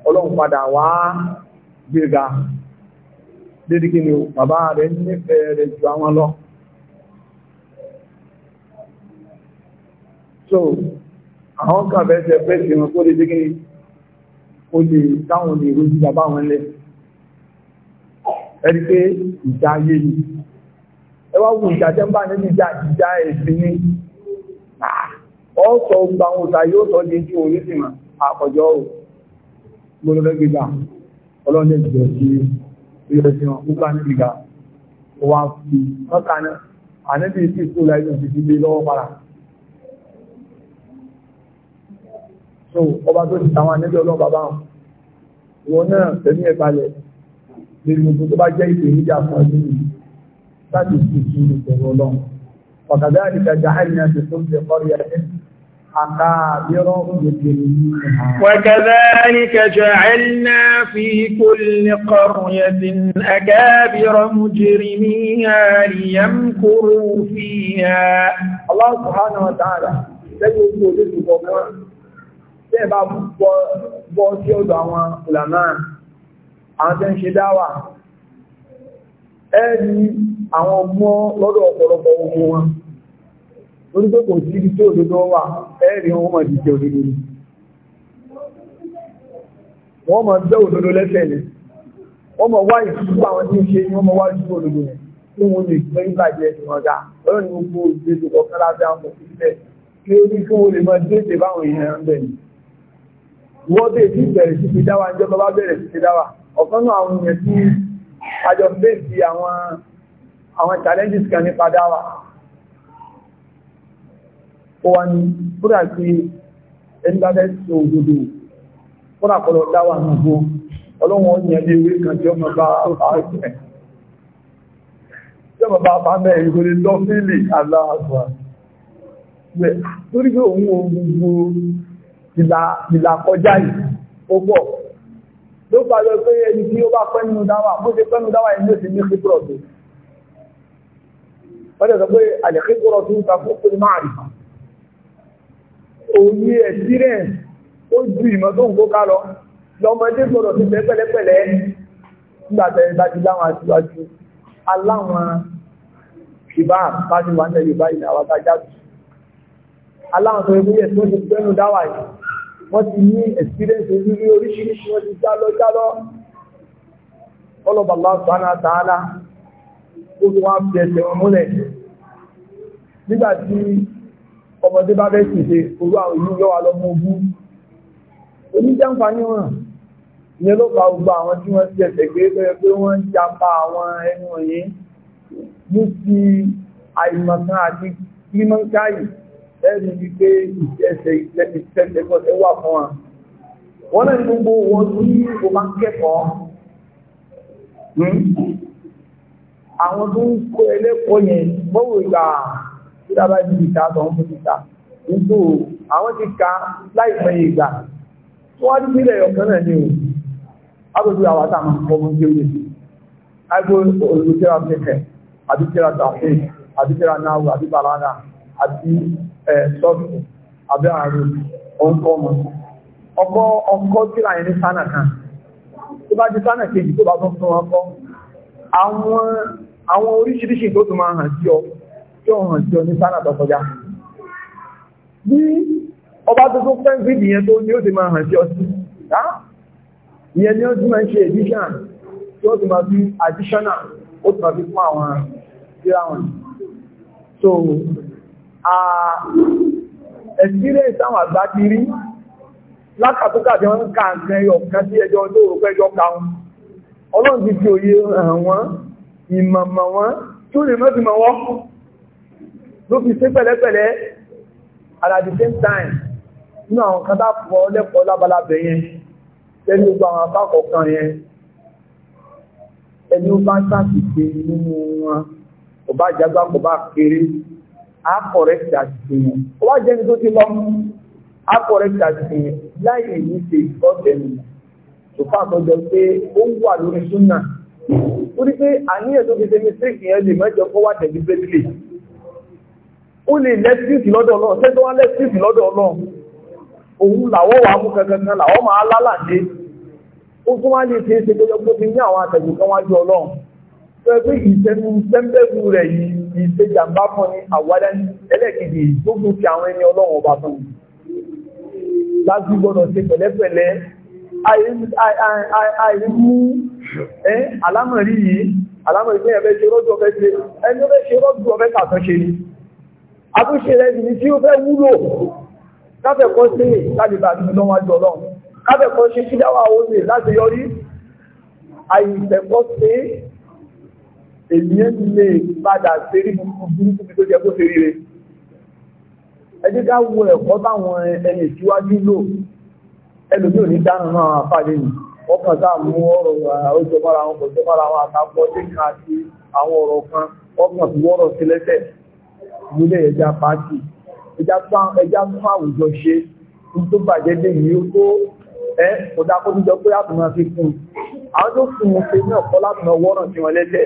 ọlọ́run padà wá gbéga dédé kí ni o bàbá rẹ̀ nífẹ̀ẹ́ rẹ̀ ju àwọn lọ. so àwọn kàfẹ́ ṣe fẹ́ ṣe wọn kó lè dé kí ni o lè táwọn lè rojú bàbá wọn lẹ́yìn ẹni pé ìjà ayé ni ẹ wá wo ìjà jẹ́ ń bá nínú ìjà ìjà ẹ̀sìn ni ọ sọ gba àwọn òṣà yóò sọ di ju orí sì mà àkọjọ o gbọdọdọ gbígbà ọlọ́run lè jọ sí ilé sí wọn nígbà nígbà wà fi mọ́ta ní àníbi sí ìṣúra ẹni ti fi gbé lọ́wọ́ padà. so ọba tó ti tàwọn àníbi ọlọ́run bàbá wọn náà tẹ̀lé ẹ̀ balẹ̀ lórí gbogbo tó bá jẹ́ ìpèníjà fún ẹbí mi láti fi tu ìṣòro ọlọ́run. ọ̀kadà àdìgbà jàhánìyà ti tó ṣe kọ́rí ẹni. وكذلك جعلنا في كل قرية أكابر مجرميها ليمكروا فيها الله سبحانه وتعالى lẹ́yìn ojú ojú ìgbọ̀gbọ́n tẹ́ẹ̀ bá bọ́ sí ọ̀dọ̀ àwọn ìlànà àwọn tẹ́ ń ṣe dáwà ẹni àwọn ọmọ lọ́dọ̀ ọ̀pọ̀lọpọ̀ ohun wọn lórí pé kò sí ibi tí òdodo wà ẹ̀rí wọn mọ̀ jíjẹ òdodo ni wọ́n mọ̀ bẹ́ òdodo lẹ́sẹ̀ ni wọ́n mọ̀ wá ìfúnpá àwọn tí ń ṣe ni wọ́n mọ̀ wá ìfúnpá òdodo yẹn tí wọ́n lè pẹ́ ìbàjẹ́ ìwọ̀nga ọ̀rọ̀ ni gbogbo ìgbésò kọ̀ọ̀kan lábẹ́ àwọn òṣìṣẹ́ kí ó ní kí wọ́n lè máa dé ìbáwọn èèyàn ń bẹ̀ ni wọ́n bẹ̀rẹ̀ sí fi dáwà ń jẹ́ bá bẹ̀rẹ̀ sí fi dáwà ọ̀kan náà àwọn èèyàn tí àjọ fèsì àwọn àwọn challenges kan nípa dáwà ó wá ní kúrà sí ẹni bá fẹ́ kọlọ dáwà nùgbò ọlọ́wọ́n ó ewé kan tí ó mọ̀ bá ààrẹ tí ó ló bá lọ pé ẹni tí ó bá pẹ́ nínú dáwà bó ṣe pẹ́ nínú dáwà yìí ló sì ní kíkúrọ̀ tó wọ́n tẹ̀sán pé àlẹ́kíkúrọ̀ tó ń ta fún pé máa rí òye experience ó ju ìmọ̀ tó ń kó ká lọ lọ́mọdé gbọ́dọ̀ ti bẹ́ pẹ̀lẹ́pẹ̀lẹ́ nígbà tẹ̀lé bá ti láwọn aṣíwájú aláwọn ìbá bá ti wà nílẹ̀ Yorùbá ìlà àwọn abájáde aláwọn tó ń gbé yẹ̀ tó ti gbẹ́nu dáwà yìí wọ́n ti ní experience rírí oríṣiríṣi wọ́n ti jálọ jálọ ọlọ́bà lásánà tààlà ó tún wá fi ẹsẹ̀ wọn múlẹ̀ nígbà tí ọmọdé bá fẹ́ ṣèṣe orú àwọn ìlú yọ wà lọ́mọ ogún oníjàǹfààní wọn ìyẹn ló fa gbogbo àwọn tí wọ́n ti ẹsẹ̀ gbé bẹ́ẹ̀ pé wọ́n ń japa àwọn ẹnu wọ̀nyí ní ti àìmọ̀kan àti kírímọ́ńkáyì ẹni wípé ìṣẹ́ṣẹ́ ìṣẹ́ṣẹ́ gbọ́dọ̀ wà fún wa. Wọ́n náà ní gbogbo wọn tí o máa ń kẹ́kọ̀ọ́. Hmm? Àwọn tó ń kó ẹlẹ́kọ̀ọ́ yẹn bọ́wọ́ ìgbà tí dábàá ti ìta tó ń fún ìta. Nígbò àwọn ti ka láìpẹ́ ìgbà. Wọ́n á dúpẹ́ ilẹ̀ ọ̀kan náà ni o. Àgbègbè àwọn àtàwọn ọmọ ìgbé òye. Àgbègbè olùdókèrà fẹ́fẹ́, àdúkèrà tàfẹ́, àdúkèrà náà, àdúkèrà náà àti sọ́ọ̀tù àbí ààrùn ọ̀nkọ́ ọmọ ọkọ́ ọkọ́ tíra ẹni sánà kan tó bá di sánà kejì tó bá tún fún ọkọ́ àwọn oríṣiríṣi tó tún máa hàn sí ọ tí ó hàn sí ọ ní sánà tó kọjá bí ọba tó tún fẹ́ fídì yẹn tó ní ó ti máa hàn sí ọ sí ìyẹn ni ó ti máa ń ṣe edition tí ó ti máa fi additional ó ti máa fi fún àwọn tíra so ẹ̀sírẹ́ ìsáwọn àgbà ti rí lákàtúkà tí wọ́n ń ka nǹkan ẹyọ kan sí ẹjọ́ tó rò pẹ́jọ́ kaun ọlọ́run ti fi òye hàn wọ́n ìmọ̀mọ̀ wọ́n tó lè mọ́ sí mọ́ wọ́n ló fi ṣe pẹ̀lẹ́pẹ̀lẹ́ and at the same time nínú àwọn kan bá fọ́ lẹ́kọ̀ọ́ lábalábẹ̀ yẹn tẹ́lú gbogbo àwọn apákọ̀ kan yẹn ẹni ó bá sàtìpé nínú wọn kò bá jágbá kò bá kéré á kọ̀rẹ́tì àṣìṣe yẹn ó wá jẹ́ni tó ti lọ á kọ̀rẹ́tì àṣìṣe yẹn láì èyí ṣe ìkọ́sẹ̀ nù ṣùgbọ́n pé ó ń wà lórí súnà ó rí pé àníyàn tó fi ṣe lè mẹ́jọ kó wá tẹ̀lé ó lè lẹ́sìtì lọ́dọ̀ ọlọ́run ṣé tó wá lẹ́sìtì lọ́dọ̀ ọlọ́run òun làwọ́ wà mú tó ti ní àwọn àtẹ̀jù kan wájú ọlọ́run ìgbéjàmbá fún ní àwádá ní ẹlẹ́kìdì ìgbógun ti àwọn ẹni ọlọ́run ọba fún un láti gbọ́dọ̀ ṣe pẹ̀lẹ́pẹ̀lẹ́ àìmú alámọ̀rí yìí alámọ̀rí pé ẹ̀fẹ́ ṣe rọ́jù ọ̀fẹ́ ṣe ẹni ó fẹ́ ṣe rọ́jù ọ̀fẹ́ ṣàtúnṣe ni àtúnṣe rẹ̀ ní tí ó fẹ́ wúlò káfẹ́kọ́ sí lábìbà àti ìlọ́wájú ọlọ́run káfẹ́kọ́ ṣe sídáwà ó lè láti yọrí àìfẹ́kọ́ sí ènìyàn lè padà sérí burúkú bí tó jẹ kó sérí rẹ̀ ẹjẹ́ ká wo ẹ̀kọ́ táwọn ẹni ìṣíwájú lò ẹlòmí ò ní dáhùn náà àfàdé yìí wọ́n kàn sáà mú ọ̀rọ̀ ọjọ́mọ́ra wọn kò jọmọ́ra wọn àtàkọ́ lẹ́yìn àti àwọn ọ̀rọ̀ kan wọ́n kàn sí wọ́rọ̀ sí lẹ́sẹ̀ nílé ẹja pàtì ẹja fún àwùjọ ṣe tó bàjẹ́ dé yìí ó tó ẹ́ kò dákó tó jọ pé àtùmọ̀ fi kún àwọn tó fún un ṣe náà kọ́ látùmọ̀ wọ́rọ̀ sí wọn lẹ́sẹ̀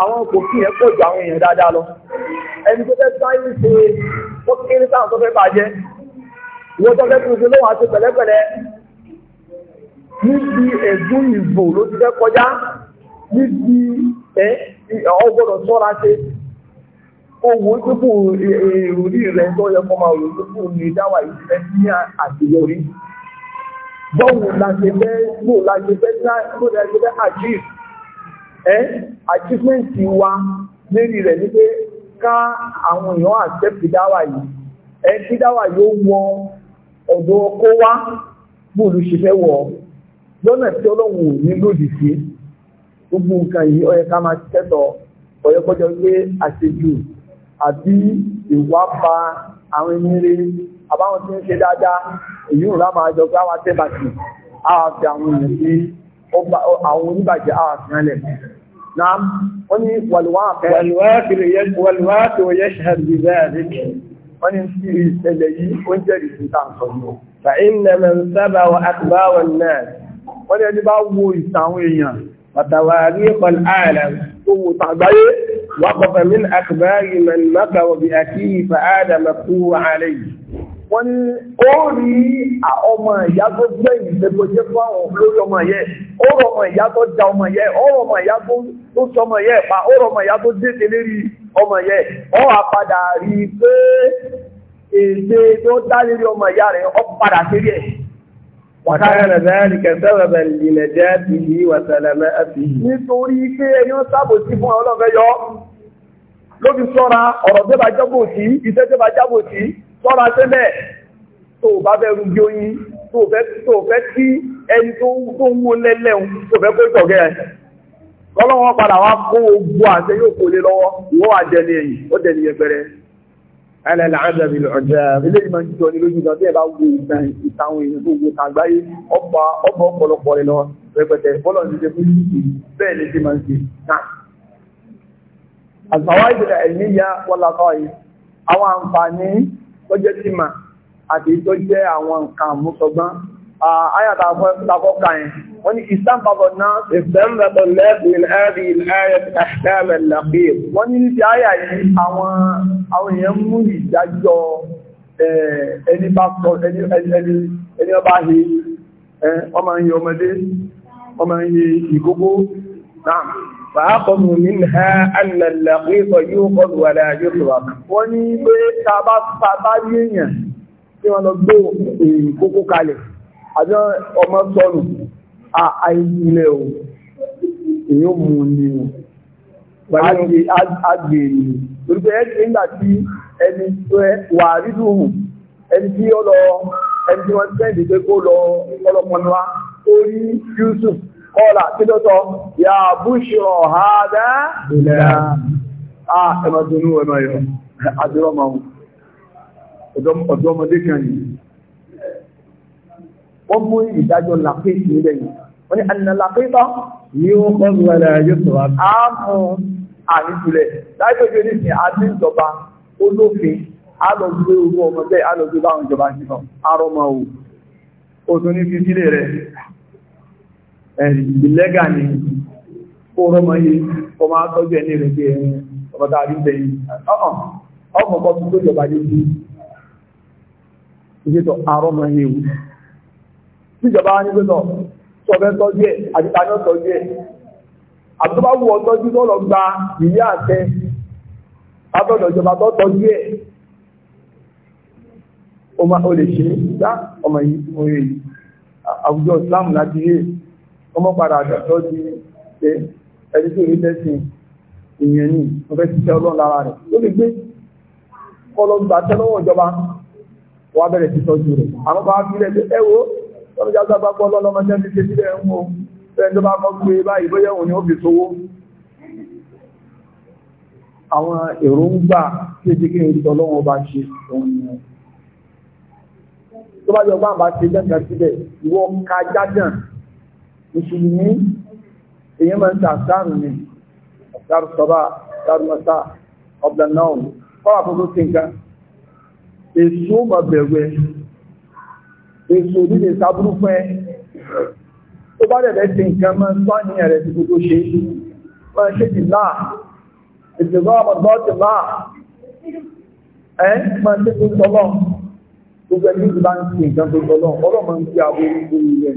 àwọn kò kí yẹn pọ̀ àwọn èèyàn dáadáa lọ ẹni tó fẹ́ sáyé ṣe ó kéré sáà tó fẹ́ bàjẹ́ ìwọ́n tó fẹ́ tún ṣe lóhùn àti pẹ̀lẹ́pẹ̀lẹ́ níbi ẹ̀dùn ìbò ló ti fẹ́ kọjá níbi ẹ̀ ọgbọ́dọ̀ sọ́ra ṣe owó pípò ìròrí rẹ̀ tó yẹ kọ́ máa ròrí pípò ní dáwà ìfẹ́ ní àṣeyọrí bọ́ọ̀lù la fẹ́ lò la fẹ́ ẹ́ achievement wa lérí rẹ̀ ní pé ká àwọn èèyàn accept dáwà yìí ẹ tí dáwà yóò wọ ọ̀dọ̀ kó wá bóòlù ṣe fẹ́ wọ̀ lọ́nà tí ọlọ́run ò ní lòdì sí gbogbo nǹkan yìí ó yẹ ká máa kẹ́tọ̀ ó yẹ kọjọ pé àṣejù àbí ìwà ba àwọn ẹni rẹ àbáwọn tí ń ṣe dáadáa èyí ò rá máa jọ pé àwọn atẹ́bàtì á fi àwọn èèyàn àwọn oníbàjẹ́ ààfinlẹ̀. náà wọ́n ni wàlúwàtò yẹ́ ṣàbí bẹ́ẹ̀ wọ́n ni sí ìṣẹ̀lẹ̀ yìí ó ń jẹ́rìí sí tàǹsọ̀ yóò. fàílẹ̀ mẹ́rin sábà wà àtìbáwọ̀ náà wọ́n ni ẹni bá wo من أخبار من مكر بأخيه فعاد مكروه عليه wọ́n ní ó rí ọmọ ìyá tó gbé ìgbẹ́gbẹ́ jẹ́ fún àwọn olórí ọmọ yẹ ó rọ ọmọ ìyá tó ja ọmọ yẹ ó rọ ọmọ ìyá tó sọ ọmọ yẹ pa ó rọ ọmọ ìyá tó dé tẹ́lérí ọmọ yẹ ó wà padà rí i pé èdè tó dá lérí ọmọ ìyá rẹ̀ ó padà sí rí ẹ̀. وكان ذلك سببا لنجاته وسلامته nítorí pé ẹni ó sábò sí fún ọlọ́fẹ́ yọ ló sọ́ra ọ̀rọ̀ sọ́ra sẹ́bẹ̀ tó bá fẹ́ rú bí oyin tó fẹ́ tí ẹni tó ń wó lẹ́lẹ́un tó fẹ́ kó tọ̀gẹ́ ẹ̀ lọ́lọ́wọ́ padà wá kó ogbó àṣẹ yóò kò lé lọ́wọ́ ìwọ́ àjẹni ẹ̀yìn ó dẹni yẹpẹrẹ ẹlẹ́lẹ́ àjẹbí ọ̀jẹ́ ilé ìmọ̀ jíjọ ní lójú gan bí ẹ bá wo ìtàn ìtàwọn tó wo kàgbáyé ọ̀pọ̀ ọ̀pọ̀lọpọ̀ rẹ̀ lọ rẹpẹtẹ bọ́lọ̀ ti ṣe yìí bẹ́ẹ̀ ni ti máa ń ṣe náà àgbàwá ìdílé ẹ̀mí ya wọ́n lakọ́ yìí àwọn àǹfààní tọ́jẹ́ sí ma àti tó jẹ́ àwọn nǹkan àmúṣọgbọ́n آية تفوقها وإن استنبط الناس استنبط الناس من هذه الآية أحكام اللقيط في آية أو أو يمني جاجو ẹni bá sọ ẹni ẹni ẹni ọba ṣe ọmọ yìí ọmọdé ọmọ yìí ìkókó náà fàákọ̀mù ní ha alàlà pípọ̀ yóò kọlu wàlá yóò wọ́n ní pé tàbá tàbá yíyàn tí wọ́n lọ gbé kókó kalẹ̀ àjọ ọmọ sọnù àìsílẹ̀ o èyí ò mú ni o agbèrè torí pé ẹni nígbà tí ẹni tó ẹ wà rídù ẹni tí ó lọ ẹni tí wọ́n sẹ́ndì pé kó lọ ọlọ́pọ̀ ní ó rí Yusuf kọ́ọ̀lá kí ló sọ yà búṣọ̀ hádá ẹmọ̀dúnú ẹmọ̀ yọ àdúrọ̀mọ̀ ọ̀dọ́mọdé kan yìí wọ́n mú ìdájọ́ làpéjì nílẹ̀ yìí wọ́n ni ànà làpéjọ́ yóò kọ́rù ẹ̀rẹ̀ yóò sọ̀rọ̀ àmú àníjulẹ̀ láìpẹ́jọ ní sin àti ìjọba olófin alọ́gbé orú ọmọ bẹ́ẹ̀ alọ́gbé báwọn ìjọba ń jọ ẹ̀rì ìlẹ́gà ni kó rọ́mọ yìí kó máa tọ́jú ẹni rẹ̀ pé ọmọdé àríbẹ̀ yìí ọmọkọ́ tó jọba dé sí ìgbésọ̀ àrọ́mọ yìí wù tíjọba wá ní pé náà sọ̀bẹ́ tọ́jú ẹ̀ àdìta náà tọ́jú ẹ̀ àtúbá wù ọtọ́jú tó lọ gba ìyá àtẹ látọ̀dọ̀ ìjọba tó tọ́jú ẹ̀ ó lè ṣe dá ọmọ yìí àwùjọ Islam láti rí ọmọ padà àjọ̀tọ́ di pé ẹni tí òun lẹ́sìn ìyẹn ní wọ́n fẹ́ ṣiṣẹ́ ọlọ́run lára rẹ̀ ó lè gbé kọlọ́gbà tẹ́lọ́wọ́ ìjọba wọ́n abẹ́rẹ̀ ti tọ́jú rẹ̀ àwọn bá fi lẹ́gbẹ́ ẹ wo tọ́lú jáde àgbàpọ̀ ọlọ́mọdé ti ṣe sílẹ̀ ń wo fẹ́ẹ́ tó bá kọ́ pé báyìí bóyá òun ni ó fi sówó àwọn èròǹgbà kéje kí n sọ lọ́wọ́ bá ṣe òun ni tó bá jọ bá bá ṣe jẹ́ǹkà síbẹ̀ ìwọ ka jágàn mùsùlùmí èyí máa ń ta àṣàrù ni àṣàrù sọ́bà àṣàrù mọ́sá ọ̀bẹ náà kọ́ àkókò sí nǹkan èso mà bẹ̀rù ẹ èso nílé sábúrú pẹ́ tó bá dẹ̀ sí nǹkan máa ń tọ́ àníyàn rẹ̀ sí gbogbo ṣe máa ṣe ti láà ìdìbò ọmọdé ti láà ẹ máa ṣe ti sọlọ gbogbo ẹni tí bá ń sin nǹkan tó sọlọ ọlọ́mọ ń fi àbúrú gbogbo rẹ̀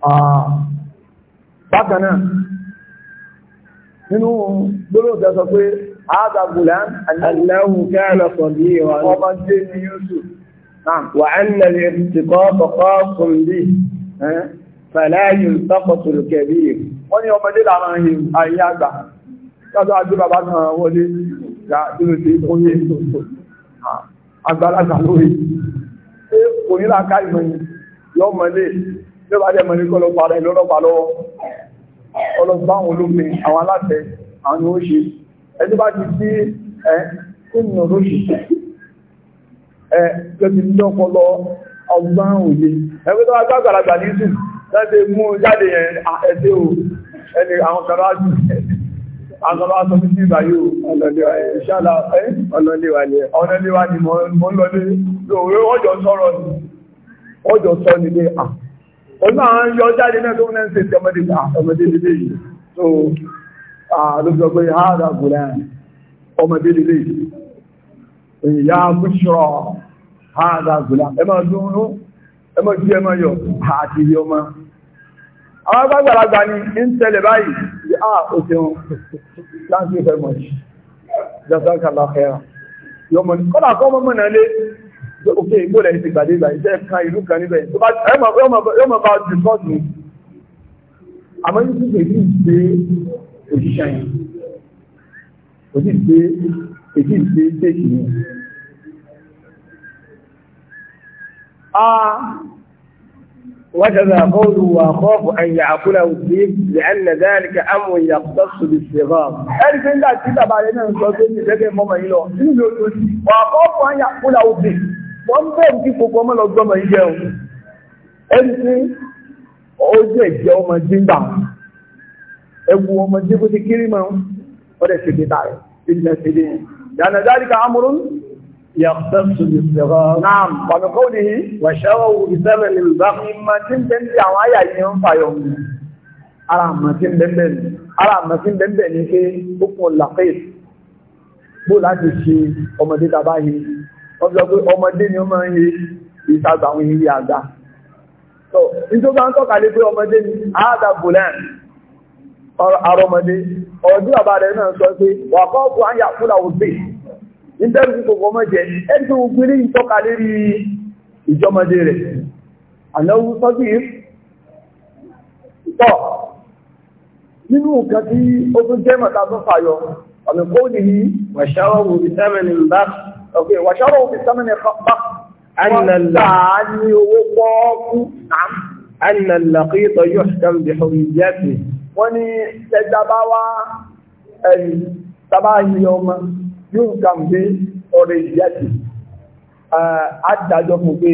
Ah. bákan náà nínú gbólóò tẹ́ sọ pé àádàgùlá aláwù káàlọ̀ pọ̀lú ìwà ọmọ jẹ́ ní Yusuf wà ánàlẹ̀ ìtìkọ́ ọ̀pọ̀ fún bí fàláyì tọ́pọ̀tùrù kẹbí wọ́n ní ọmọdé láàrín ayé àyíyàgbà tọ́jọ́ ajú bàbá kan wọlé bí ó bá dẹ̀ mọ̀ ní kọ́lọ̀ parẹ́ lọ́lọ́pàá lọ́wọ́ ọlọ́pàá àwọn olómi àwọn aláṣẹ àwọn ni ó ṣe ẹni bá ti sí ẹ kúnnà lóṣù ẹ lọ́ti ní ọpọlọ ọgbọ́n òye ẹgbẹ́ tó wá gbá àgbàlagbà ní sùn láti mú jáde yẹn ẹsẹ̀ o ẹni àwọn kan wá sùn àgbàlá sọ fún sí ìbáyé ọ̀nà lẹ́wà ni mọ́ ń lọlé ọjọ́ sọ́rọ̀ ni ọjọ́ sọ́ nílé àwọn ọ̀nà àwọn yọ jáde náà tó náà ń ṣe ọmọdé ọmọdé lílé yìí so àlùsọ pé hádà gùnà ọmọdé lílé yìí ìyá búṣọ hádà gùnà ẹ máa dúró ẹ máa jí ẹ máa yọ àti yọ máa àwọn agbágbàlagbà ni ń tẹ́lẹ̀ báyìí à ó thank you very much jazakallah khair yọmọ kọ́lá kọ́ mọ́mọ́ náà lé òkè ìgbòlẹ̀ ti gbàdé ìgbà ìjẹ́ kan ìlú kan níbẹ̀ yóò mọ̀ bá jù kọ́ ní àmọ́ yóò tún èyí gbé òṣìṣẹ́ yìí òjì gbé èyí gbé déèkì yìí. a وكذا قوله وأخاف أن يعقله الذئب لأن ذلك أمر يختص بالصغار. أعرف أن لا تتبع لنا أن تقول لي بابي ماما يلو. وأخاف أن يعقله الذئب wọ́n bẹ̀rù kí kòkó ọmọ lọ gbọ́mọ jẹ́ o ẹni tí ó jẹ́ ìjẹ́ ọmọ jíńgbà ẹwu ọmọ jíńgbà ti kiri mọ́ ọ dẹ̀ ṣe déta rẹ̀ ìlẹ̀ ṣe dé yàrá dárí ká amúrún yàtọ̀sù ìṣẹ̀rọ̀ náà pàmìkọ́ ni wàṣẹ́wọ̀ ìṣẹ́rẹ̀ lè bá mímọ́ tí ń bẹ́ẹ̀ àwọn àyà yìí ń fàyọ̀ ara àmọ́ tí ń bẹ́ẹ̀ ara àmọ́ tí ń bẹ́ẹ̀ ní pé ó kún làkèé bó láti ṣe ọmọdé tàbá yìí wọ́n pé ọmọdé ni ó máa ń he ìtajà àwọn so nítorí wọn tọ́ka lé pé ọmọdé ni àádá bùlẹ́n àrọmọdé ọdún bàbá rẹ̀ náà sọ pé wà kọ́ ọ̀pọ̀ àyà fúlà òsè nítorí kò kọ́ ọmọ jẹ ní ìjọmọdé rẹ̀ àlọ́wù tọ́ nínú nǹkan tí ó tún jẹ́ mọ̀ta tó fàyọ Okay, wàṣọ́rọ̀ òfin sọ́mìnì bá wọ́n ní owó pọ́ọ́kú náà. Anna al-laqita yuhkam bi hurriyatihi. Wọ́n ní ẹjábáwá ẹ̀yìn tàbá yìí ọmọ yuhkam bi hurriyatihi. Adájọ́ fún pé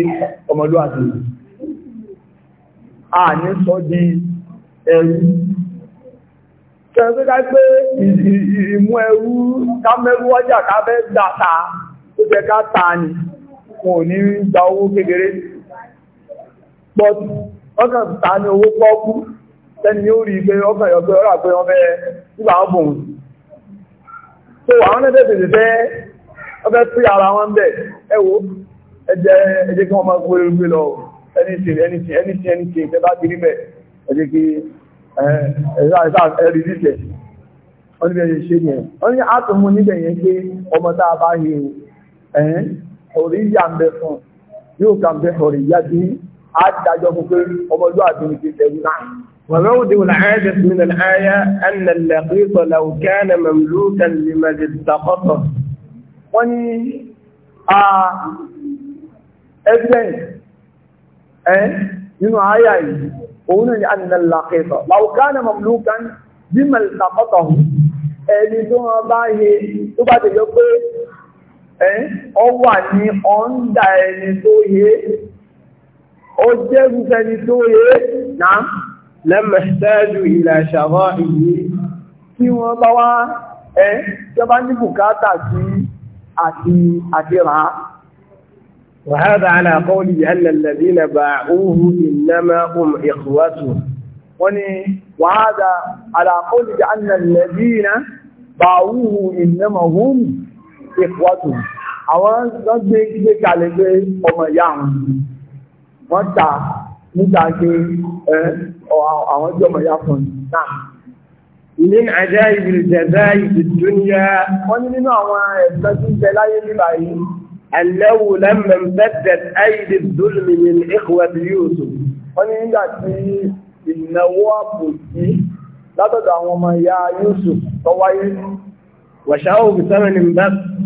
ọmọlúwàtí. A ní sọ di ẹrú. Ṣẹ̀rẹ̀ pé ìmú ẹrú kámẹ́rú ọjà kábẹ́ dàtà jẹ ká tàà ní wọn ò ní gba owó kékeré pọ̀tù ọkàn tàà ní owó pọ́kú tẹ́ni ní ó rí pé ọkàn yọ pé ọ́rà pé wọ́n fẹ́ nígbà wọn bùn àwọn ẹgbẹ́ tètè fẹ́ ara wọn bẹ̀ ẹ ẹjẹ́ ẹjẹ́ kí wọ́n máa gbé ẹ̀ẹ́n orí yà ń bẹ fún yóò kà ń bẹ orí yá sí àdájọ́ fún pé ọmọlúwàbí ni ti tẹ̀wé náà. وموضع العادة من الآية أن اللقيط لو كان مملوكا لمن التقطه wọ́n ní evidence ẹ́ nínú àyà yìí òun ni àdínà làkẹta láwùkánà mamlúkan bí mẹ́lẹ̀tàkọ́tọ̀ ẹni tó wọ́n bá yẹ tó bá tẹ̀lé pé ọ wà ní ọ́ndà ẹni tó yé ó jẹ́ ẹni tó yé náà lẹ́mẹ̀ẹ́sẹ́lú ilẹ̀ ṣàwọ́ ìyí tí wọ́n bá wá ẹ́ tí wọ́n bá ní bùkátà sí àti àtìrà وهذا على قوله أن الذين باعوه إنما هم إخوته وني وهذا على قوله أن الذين باعوه إنما ìpọ́tù àwọn wọ́n gbé gbé kalẹ̀ pé ọmọ ìyá wọn wọ́n ta níta gbé àwọn tí ọmọ ìyá fún náà. Ilé àjá ìbìrì jẹ̀dá ìdìdú ní yá. Wọ́n ní nínú àwọn ẹ̀sán tí ń bẹ láyé nígbà yìí. Àlẹ́wò lẹ́mọ̀ bẹ́tẹ̀ àìdè dùlùmí ní yóò tó. Wọ́n ní nígbà tí ìnáwó àpòtí látọ̀dọ̀ àwọn ọmọ ìyá Yusuf tó wáyé. Wàṣáwò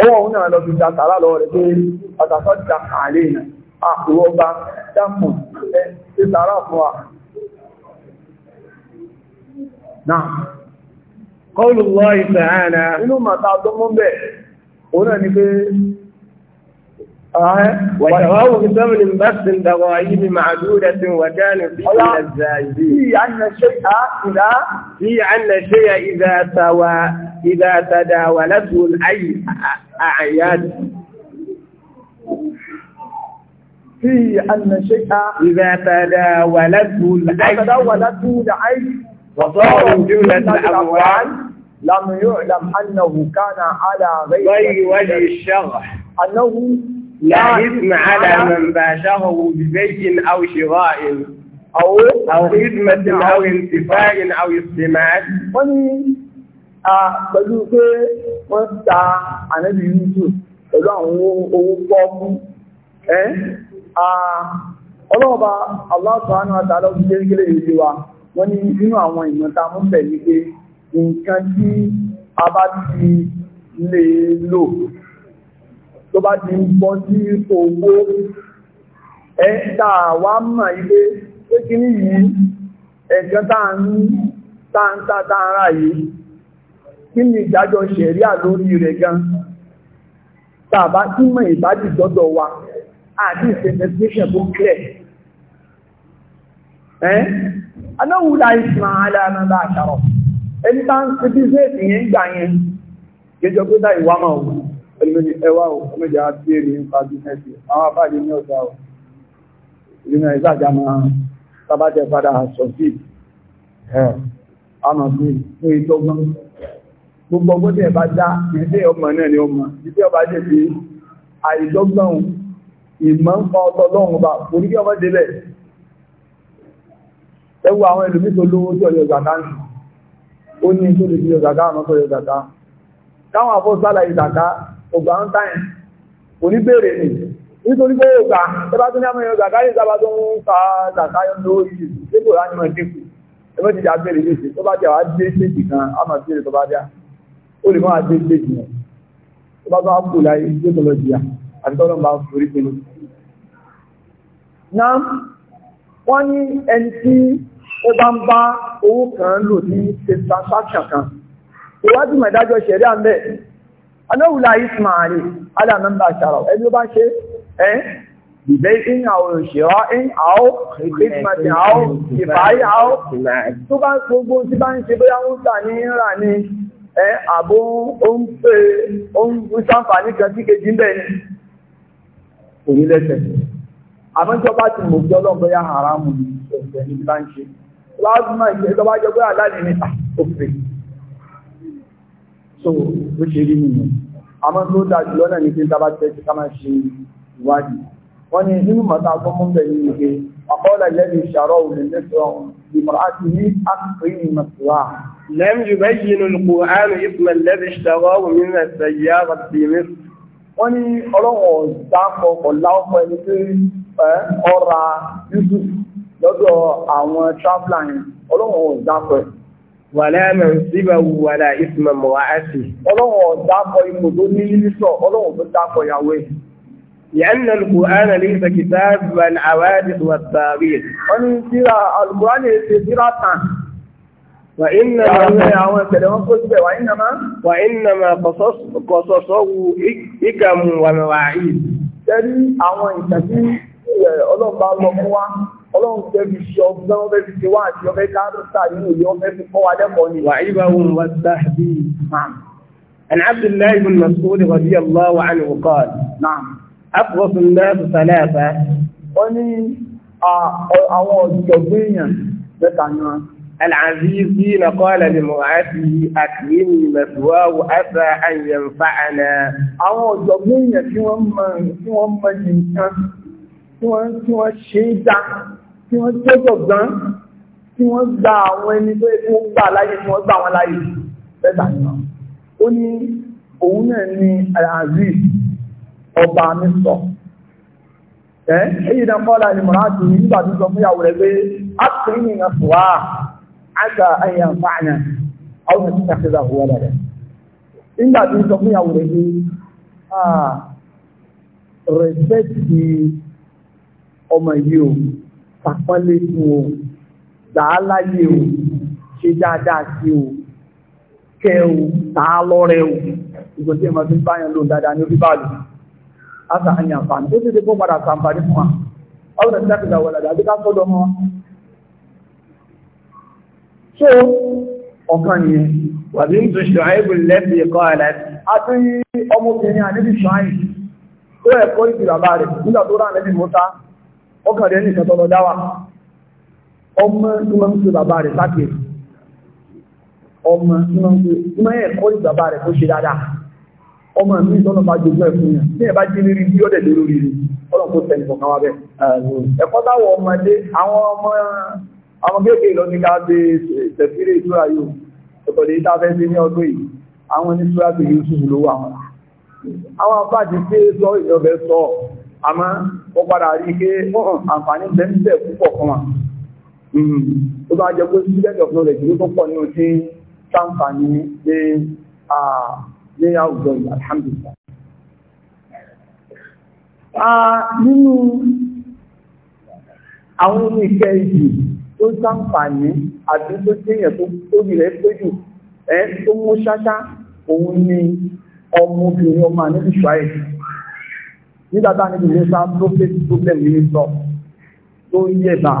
ọwọ́ òun náà lọ fi gba lọ rẹ̀ pé ti àlè ọba dákùn ti tààrà fún wa. Náà, kọlù lọ ìfẹ̀ ààrẹ. Inú màtà tó bẹ̀, òun náà ni وشروه بثمن بس دواعيب معدودة وكانوا فيه من في أن الشيء إذا في أن الشيء إذا توا إذا تداولته الأي أعياد في أن الشيء إذا تداولته الأي تداولته الأي وصار جملة الأموال لم يعلم أنه كان على غير, غير وجه الشرح أنه لا إثم على من باشره ببيع أو شراء أو أو خدمة أو انتفاع أو استماع. wọ́n ní pẹ̀lú pé wọ́n ta ànábì yusuf pẹ̀lú àwọn owó pọ́ọ́kú ẹ́ ọlọ́ọ̀bá aláàtọ̀ánà àtàlọ́ ti jẹ́ kílẹ̀ èdè wa wọ́n ní nínú àwọn ìmọ̀ta mú bẹ̀ ní pé nǹkan tí a bá ti lè lò tó bá ti ń bọ́ sí owó ẹ̀ta wá mọ̀ ilé pé kí ní yìí ẹ̀kan táńtà táńrà yìí kí ni ìdájọ́ ṣẹ̀ríà lórí rẹ̀ gan tàbá tí mọ̀ ìbájì dọ́dọ̀ wa àti ìfẹ̀mẹ̀síṣẹ̀ tó clear ẹ́n aláwùlá ìsìnà aláàrínlá àṣàrọ̀ ẹni tá ń fi bí ṣe èdè yẹn gbà yẹn gẹjọ pé dá ìwà máa wù ẹlẹ́ni ẹwà ò méjì á bí èrè ń pa bísẹ́sì àwọn abáyé ní ọ̀dà ò ìrìnà ìsàjà máa sábàjẹ́ padà sọ̀tì ẹ̀ àmọ̀ sí fún ìtọ́gbọ́n gbogbo ọgbọ́n tí ẹ bá dá ìdílé ọmọ náà ni ọmọ ìdílé ọba jẹ́ pé àìdọ́gbọ́n ìmọ̀ ń pa ọtọ lọ́hùn bá oníkẹ́ ọmọ délẹ̀ ẹ wo àwọn ẹlòmíì tó lówó tí ọyọ zàká ń ó ní tó lè fi ọyọ zàká tó yọ zàká káwọn àfọ́ sálà ògbà ń táyìn oníbèrè ni nítorí pé ògbà ẹbá tó ní àmọ́ ìyọ̀gà káyé ìsába tó ń ta zàkáyọ̀ lórí ìdíkò láti mọ̀ dínkù ẹgbẹ́ ti jà bèrè lèṣe tó bá jà wá dé séjì kan á mà bèrè tó bá dá ó lè máa dé séjì yẹn tó bá bá kù láyé tó tó lọ jìyà àti tọ́lọ́ bá forí pinnu. náà wọ́n ní ẹni tí ó bá ń bá owó kan lò ní ṣe transaction kan ìwádìí mọ̀ ìdájọ́ ṣẹ̀rí àmì anáwùlá ismaili alámẹ́mbà ṣàrọ̀ ẹni ló bá ṣe ẹ́ ìbẹ́ in àwọ̀ òṣèrọ́ in àwọ̀ ìgbésmàtí àwọ̀ ìfàáyí àwọ̀ tó bá gbogbo tí bá ń ṣe bóyá ń tà ní ìrà ní ẹ́ àbó ohun sáǹfààní kan tí kejì ń bẹ̀ ní orílẹ̀-èdè àmọ́jọba ti mọ̀ jọ́ lọ́gbọ́ so ó ṣe rí nìyẹn àmọ́ tó dáa jùlọ náà ní pé tá a bá tẹ́jú ká máa ṣe ìwádìí wọ́n ní nínú mọ̀tà tó mú bẹ̀ ní ìgbé àkọọ́lẹ̀ lẹ́nu ìṣàrọ̀ òní lẹ́sọ̀rọ̀ ìmọ̀láti ní àkùnrin mọ̀tòwà. لم يبين القرآن اسم الذي اشتراه من السيارة في مصر. wọ́n ní ọlọ́wọ̀n dákọ̀ ọ̀la ọmọ ẹni pé ọ̀ra yusuf lọ́dọ̀ àwọn traveller yẹn ọlọ́wọ̀n wàlẹ́ àmì síbẹ̀ wàlẹ́ ìfìmọ̀ mọ̀ àti. ọlọ́run ọ̀dà kọ ipò tó ní nísọ ọlọ́run tó dákọ ìyàwó ẹ̀. لأن القرآن ليس كتابا الحوادث والتاريخ. أن ترى القرآن ترى وإنما وإنما وإنما قصص قصصه حكم ومواعيد. تري أوان تري ọlọ́ba lọ fún wa ọlọ́run tẹ́bi ṣe ọgbọ́n ọbẹ̀ fi ṣe wá àti ọbẹ̀ káàdùsà nínú ìyá ọbẹ̀ fi kọ́ wa lẹ́kọ̀ọ́ ni. wà á yíba wọn wá sáàbì. عن عبد الله بن مسعود رضي الله عنه قال نعم أفرس الناس ثلاثة وني àwọn ọ̀jọ̀gbọ́n mẹ́ta ni wọn. العزيزين قال لمرأته أكرمي مثواه عسى أن ينفعنا. àwọn ọ̀jọ̀gbọ́n èèyàn tí wọ́n mọ nǹkan tí wọ́n tí wọ́n tẹ́jọ̀ gan tí wọ́n gba àwọn ẹni tó ẹkùn gbà láyé tí wọ́n gbà wọn láyé bẹ́ẹ̀bà náà ó ní òun náà ni aziz ọba mi sọ ẹ èyí náà kọ́ láti mọ̀rá àti nígbà tó sọ fúnyàwó rẹ̀ pé a kì í yìnbọn fún wa àgbà ẹ̀yà fáànà àwọn ẹ̀sìn kàkẹ́dà wọ́n rẹ̀ nígbà tó sọ fúnyàwó rẹ̀ pé ah, respect ọmọ yìí o. pàpọ́nlé fún o gbàá láyé o ṣe dáadáa sí o kẹ o tàá lọ́rẹ o ìgbọ̀n tí ìmọ̀ fi ń báyàn lò dáadáa ní orí báàlù láti àyàn àǹfààní tó ti di padà sàǹfààní fún wa ti ká mọ́ ọ̀kan wà ní ẹ̀kọ́ ọmọbìnrin tó ẹ̀kọ́ rẹ̀ nígbà tó rà mọ́ta ọkàn rẹ̀ nìkan tọ́lọ dáwà ọmọ tí wọ́n ń pè bàbá rẹ̀ sákè ọmọ tí wọ́n ń pè ọmọ ẹ̀ kọ́ ìgbà bàbá rẹ̀ tó ṣe dáadáa ọmọ mi tọ́lọ bá jogún ẹ̀kún yẹn tí ẹ bá jí lérí bí ọ̀dẹ̀ lérò rí ọlọ́run kó tẹ̀lé kọ̀ọ̀kan wá bẹ́ẹ̀. ẹ̀kọ́ táwọn ọmọdé àwọn ọmọ àwọn kéèké lọ ní ká bẹ tẹ̀síre ìtura yìí ọ̀tọ̀ lè ta fẹ́ sí ní ọdún yìí àwọn oníṣúra tó yusuf ló wà wọn. àwọn afáàdì pé sọ ìjọba sọ àmọ́ ó padà rí pé ó hàn àǹfààní bẹ́ẹ̀ púpọ̀ fún wa hmm. ó bá jẹ́ pé student of knowledge ló tó pọ̀ nínú tí sáǹfààní ní àwùjọ yìí alhamdulillah nínú àwọn ohun ìṣẹ́ ìjì tó sáǹfààní àti tó téèyàn tó tóbi rẹ̀ péjù ẹ̀ tó mú ṣáṣá òun ni ọmọbìnrin ọmọ àníbìṣọ́ àìsàn nígbà tá níbi ìlẹ́sà prophet problem ní sọ tó ń yẹ̀bà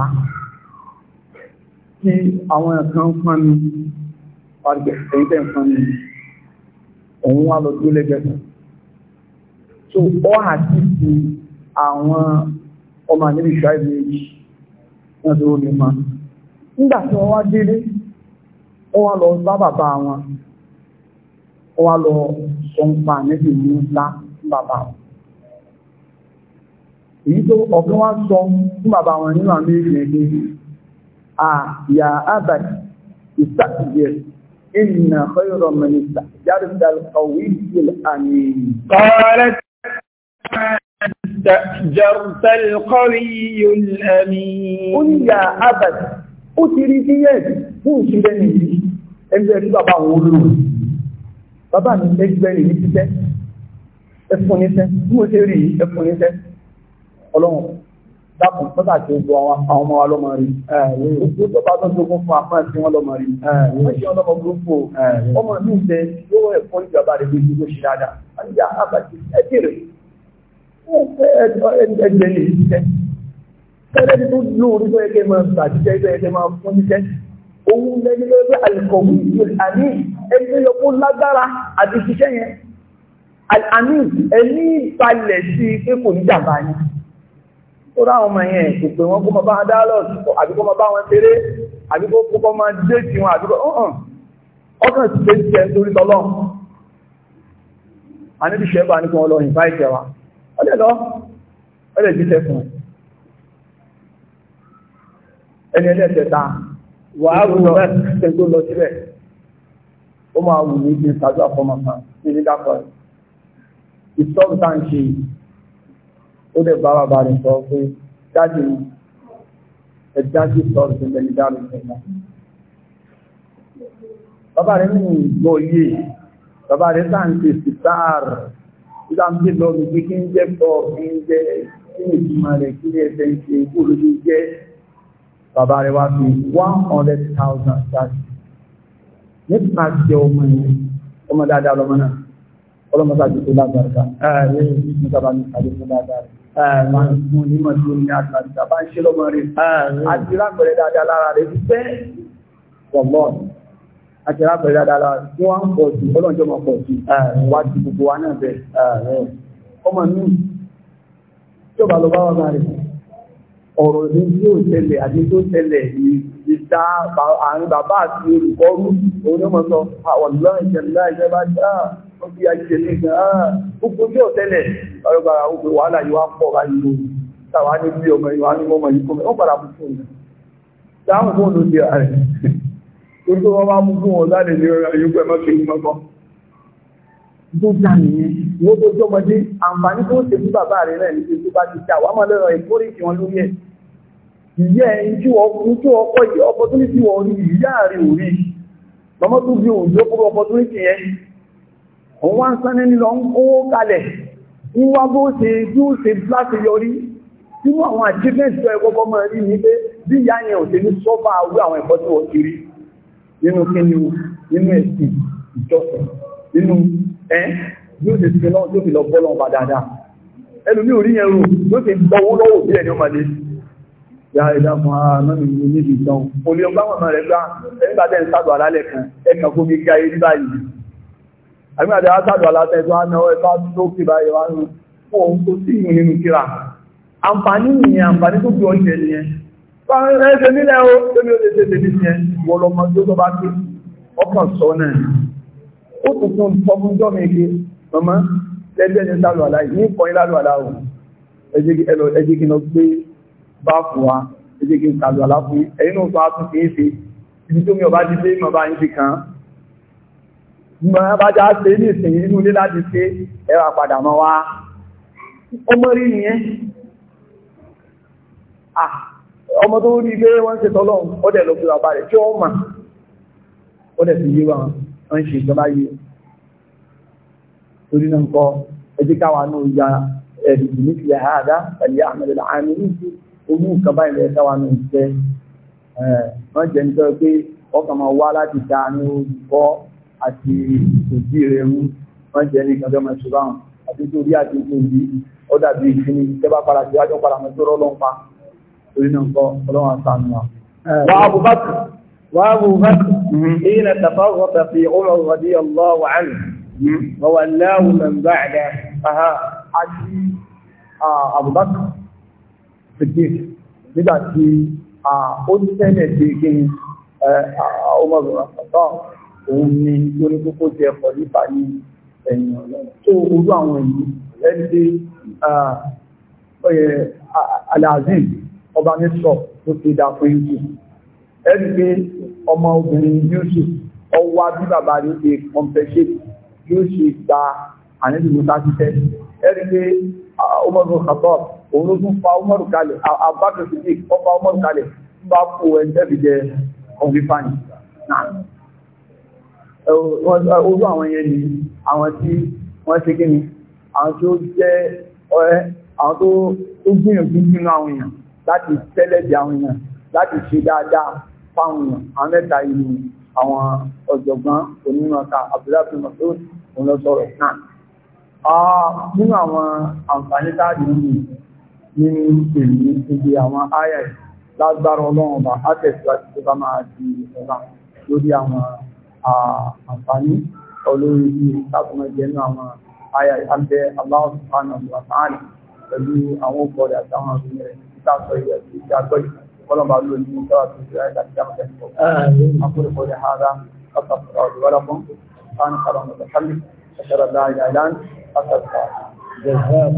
kí àwọn ẹ̀kan fún mi pàdé ẹ̀yìn tẹ̀ fún mi òun wá lọ tó lẹ́gbẹ̀ẹ́ so ọ́ àti ti àwọn ọmọ àníbi ìṣọ́ ìmẹ́jì wọ́n tó ní ma nígbà tí wọ́n wá délé wọ́n wá lọ bá bàbá wọn wọ́n wá lọ sọ ń ìlú ńlá bàbá wọn èyí tó ọ̀kan wá sọ fún bàbá wọn nínú àmì ìrìnlẹ̀ àyà àbàtì ìsàkìyẹ إن خير من استأجرت القوي الأمين قالت استأجرت القوي الأمين قل يا أبت أتري في يدي فوشي لني ẹgbẹ́ ẹ̀rí bàbá àwọn olóró bàbá mi ẹgbẹ́ ẹ̀rí ní títẹ́ ẹfun níṣẹ́ bí mo ṣe rí ẹfun níṣẹ́ ọlọ́run dákun tọ́ta tí ó bu àwọn ọmọ wa lọ́mọ rí ojú tó bá tọ́jú ogún fún apá tí wọ́n lọ́mọ rí ẹ̀ṣẹ́ ọlọ́mọ gúrúpù ọmọ mi jẹ yóò ẹ̀kọ́ ìjọba rẹ̀ lójú tó ṣe dáadáa àyíká àbàtì ẹ̀jẹ̀ rẹ̀ ẹ̀jẹ̀ lè ṣiṣẹ́ tẹ́lẹ̀ tó lóorí tó yẹ kí ẹ máa ṣàtijọ́ tó yẹ kí ẹ máa fún ṣiṣẹ́ òun lẹ́ni ló pé àlìkọ̀wé àní ẹgbẹ́ yọkó lágbára àti ṣiṣẹ́ yẹn àní ẹni ìbalẹ̀ sí pé kò ní jàmbá yẹn tó dáwọn ọmọ yẹn kò pé wọn kó máa bá wọn dá lọ àbí kó máa bá wọn ṣeré àbí kó kó máa dé sí wọn àbí kó hàn ọkàn sì dé sí ẹ nítorí tọlọ a ṣẹba ní kí wọn lọ yìnbá ìtẹ wa ó lè lọ ó lè jíṣẹ́ fún ẹni ẹlẹ́tẹ̀ta wàá wù ú ẹ tó lọ síbẹ̀ ó máa wù ní kí n ṣàdúrà fọmọ kan ní nígbà kan ìtọ́jú tá à ń ṣe yìí ó dẹ̀ bá bàbá rẹ̀ sọ pé dájú ẹ̀dájú sọ̀rọ̀ sí ẹni dáàbò ìjọba. Bàbá rẹ̀ nínú ìgbọ́ yé, bàbá rẹ̀ sáà ń ṣe sìtáàrù, ó sáà ń ṣe lọ́dún pé kí ń jẹ́ pọ̀, kí ń jẹ́ kí ní ìtumọ̀ rẹ̀ kí ní ẹsẹ̀ ń ṣe ikú lójú jẹ́ bàbá rẹ̀ wá fi one hundred thousand ṣáàṣì. Nípa ṣe ọmọ yẹn, ọmọ dáadáa lọ́mọ náà, ọlọ́mọ sáà ti tó lágbàdá, ẹ̀ẹ́dẹ́gbẹ̀rún ní sábà ní àdéhùn dáadáa rẹ̀. Àmàdùn onímọ̀ tí ó ní àtàdà bá ń ṣe lọ́mọ rẹ̀. Àti rápẹ̀rẹ̀ dáadáa lára rẹ̀ ti pẹ́ pọ̀mọ́. Àti rápẹ̀rẹ̀ dáadáa lára rẹ̀ tí wọ́n ń pọ̀ sí, ọlọ́njọ́ máa pọ̀ sí, wá ti gbogbo wa náà bẹ̀. Ọmọ mi, tí ó bá lọ bá wà máa rẹ̀, ọ̀rọ̀ ní tí ó tẹ̀lẹ̀ àti tó tẹ̀lẹ̀ ìta àrùn bàbá àti olùkọ́rú, òun ni ó mọ̀ ọdí ayé ní gan-an ah, gbogbo ní ọ̀tẹ́lẹ̀ ọ̀rọ̀gbàrà ó pé wàhálà yìí wá pọ̀ bá yìí lórí táwa ní bí ọmọ ìwà ní ọmọ yìí kó mẹ́ ó padà mú fún un dáhùn fún olóde ààrẹ tó tó wọ́n bá mú fún wọn láti ní ọ̀rọ̀ yìí pẹ̀mọ́ kí ní mọ́kọ́ tó dá nìyẹn wọ́n tó jọmọdé àǹfààní tó ṣe fún bàbá rẹ̀ náà ní tó bá ti ṣe àwọn ọmọlẹ́rọ̀ ìkórìkì wọn lórí ẹ̀ ìyá ẹ̀ ń tí wọ́n yìí ọpọtúnìtì wọ́n rí ìyá rẹ̀ ò òun wá ń sán ní lọ ń kówó kalẹ̀ ń wá bó ṣe tí ó ṣe láti yọrí nínú àwọn achievement tó ẹkọ́ kọ́ máa rí ní pé bí ìyá yẹn ò ṣe ní sọ́fà awú àwọn ẹ̀kọ́ tí wọ́n ti rí nínú kíni nínú ẹ̀sìn ìjọsìn nínú ẹ́ bí ó ṣe ṣe náà tó fi lọ bọ́ lọ́wọ́ dáadáa ẹlòmí ò rí yẹn rò ló ṣe gbọ́wọ́ lọ́wọ́ bí ẹni ọmọdé ya ẹ̀dá fún ara náà ní níbi ìtàn olè ọgbà wọn rẹ̀ gbá ẹgbàdẹ́ ń sádọ̀ alálẹ̀ kan ẹ̀kàn fún mi gáyé ní báyìí àgbàdà àtàdù alátẹ́tọ́ anáwọ́ ẹ̀fà tó kì báyìí wá rú fún ohun tó sí ìhun kíra àǹfààní ìyẹn àǹfààní tó fi ọjẹ́ ni ẹ ẹ̀ṣẹ̀ nílẹ̀ o tóbi ó lè ṣe tèmi ni ẹ wọ́n lọ mọ tó tó bá ké ọkàn sọ náà ó tún fún ọkùnrin jọ́ mi ké màmá lẹ́gbẹ́ ní sálù àlá yìí ní kọ́ yín lálù àlá o mọ́ bájá ṣe ní ìsìn inú ilé láti ṣe ẹwà padà mọ́ wá ọmọ rí nìyẹn ọmọ tó rí wọ́n ṣe tọ́lọ́ ọdẹ̀ lọ fi bàbá rẹ̀ tí ó mà fi yé wọn ń ṣe ìjọba yìí torí náà ya àádá pẹ̀lú àmì náà wọ́n jẹ́ nítorí pé ọkàn máa wá àti òbí rẹ̀ mú wọ́n jẹ́ ní kankan máa ṣùgbọ́n àti tó rí àti tó rí ó dàbí ìfini tẹ́bá padà sí wájú padà mọ́ tó rọ́lọ́n pa torí náà kọ́ ọlọ́run àtàánú wa. wà á bùbákù wà á bùbákù ìyìn àtàfà ọ̀tà fi Umar radiyallahu anhu mm-hmm. wa wallahu man ba'da àti àbùbákù fìdí nígbà tí ó tẹ́lẹ̀ sí kí Umar radiyallahu anhu òun ni oníkókó jẹ kọ̀lífà ní ẹ̀yìn ọ̀lọ́run tó orú àwọn ìlú ẹni dé Al-Aziz ọba ní sọ tó ti dà fún ìlú ẹni pé ọmọ obìnrin Yusuf ọwá bí bàbá rẹ̀ ṣe compensate yóò ṣe gba àníbi mọ́ta títẹ́ ẹni pé ọmọdún kàtọ́ òun ló tún fa ọmọdún kalẹ̀ abájọ sí ọba ọmọdún kalẹ̀ bá kó ẹni tẹ́bi náà orú àwọn yẹn ni àwọn tí wọ́n ṣe kí ni àwọn tí ó jẹ́ ọ̀rẹ́ àwọn tó gbìyànjú nínú àwọn èèyàn láti tẹ́lẹ̀ bí àwọn èèyàn láti ṣe dáadáa fáwọn èèyàn àwọn mẹ́ta ìlú àwọn ọ̀jọ̀gbọ́n onímọ̀ta abdullahi masoud òun lọ sọ̀rọ̀ náà nínú àwọn àǹfààní táàdì nínú ìlú ibi àwọn ayẹ̀ lágbára ọlọ́run ọba á tẹ̀síwájú tó bá máa di ọ̀la lórí àwọn àǹfààní olórí bíi káàkiri jẹ́nu àwọn àyà abẹ́ Allah subhanahu wa ta'ala pẹ̀lú àwọn òkòrè àtàwọn ọ̀rìn rẹ̀ níta sọ ìyẹ̀ sí ìjà gbọ́dì kọ́lọ́mà ló ní sára tó ṣe láìka tí a máa tẹ̀sí ọ̀gá. Àkúrò kọ́lẹ̀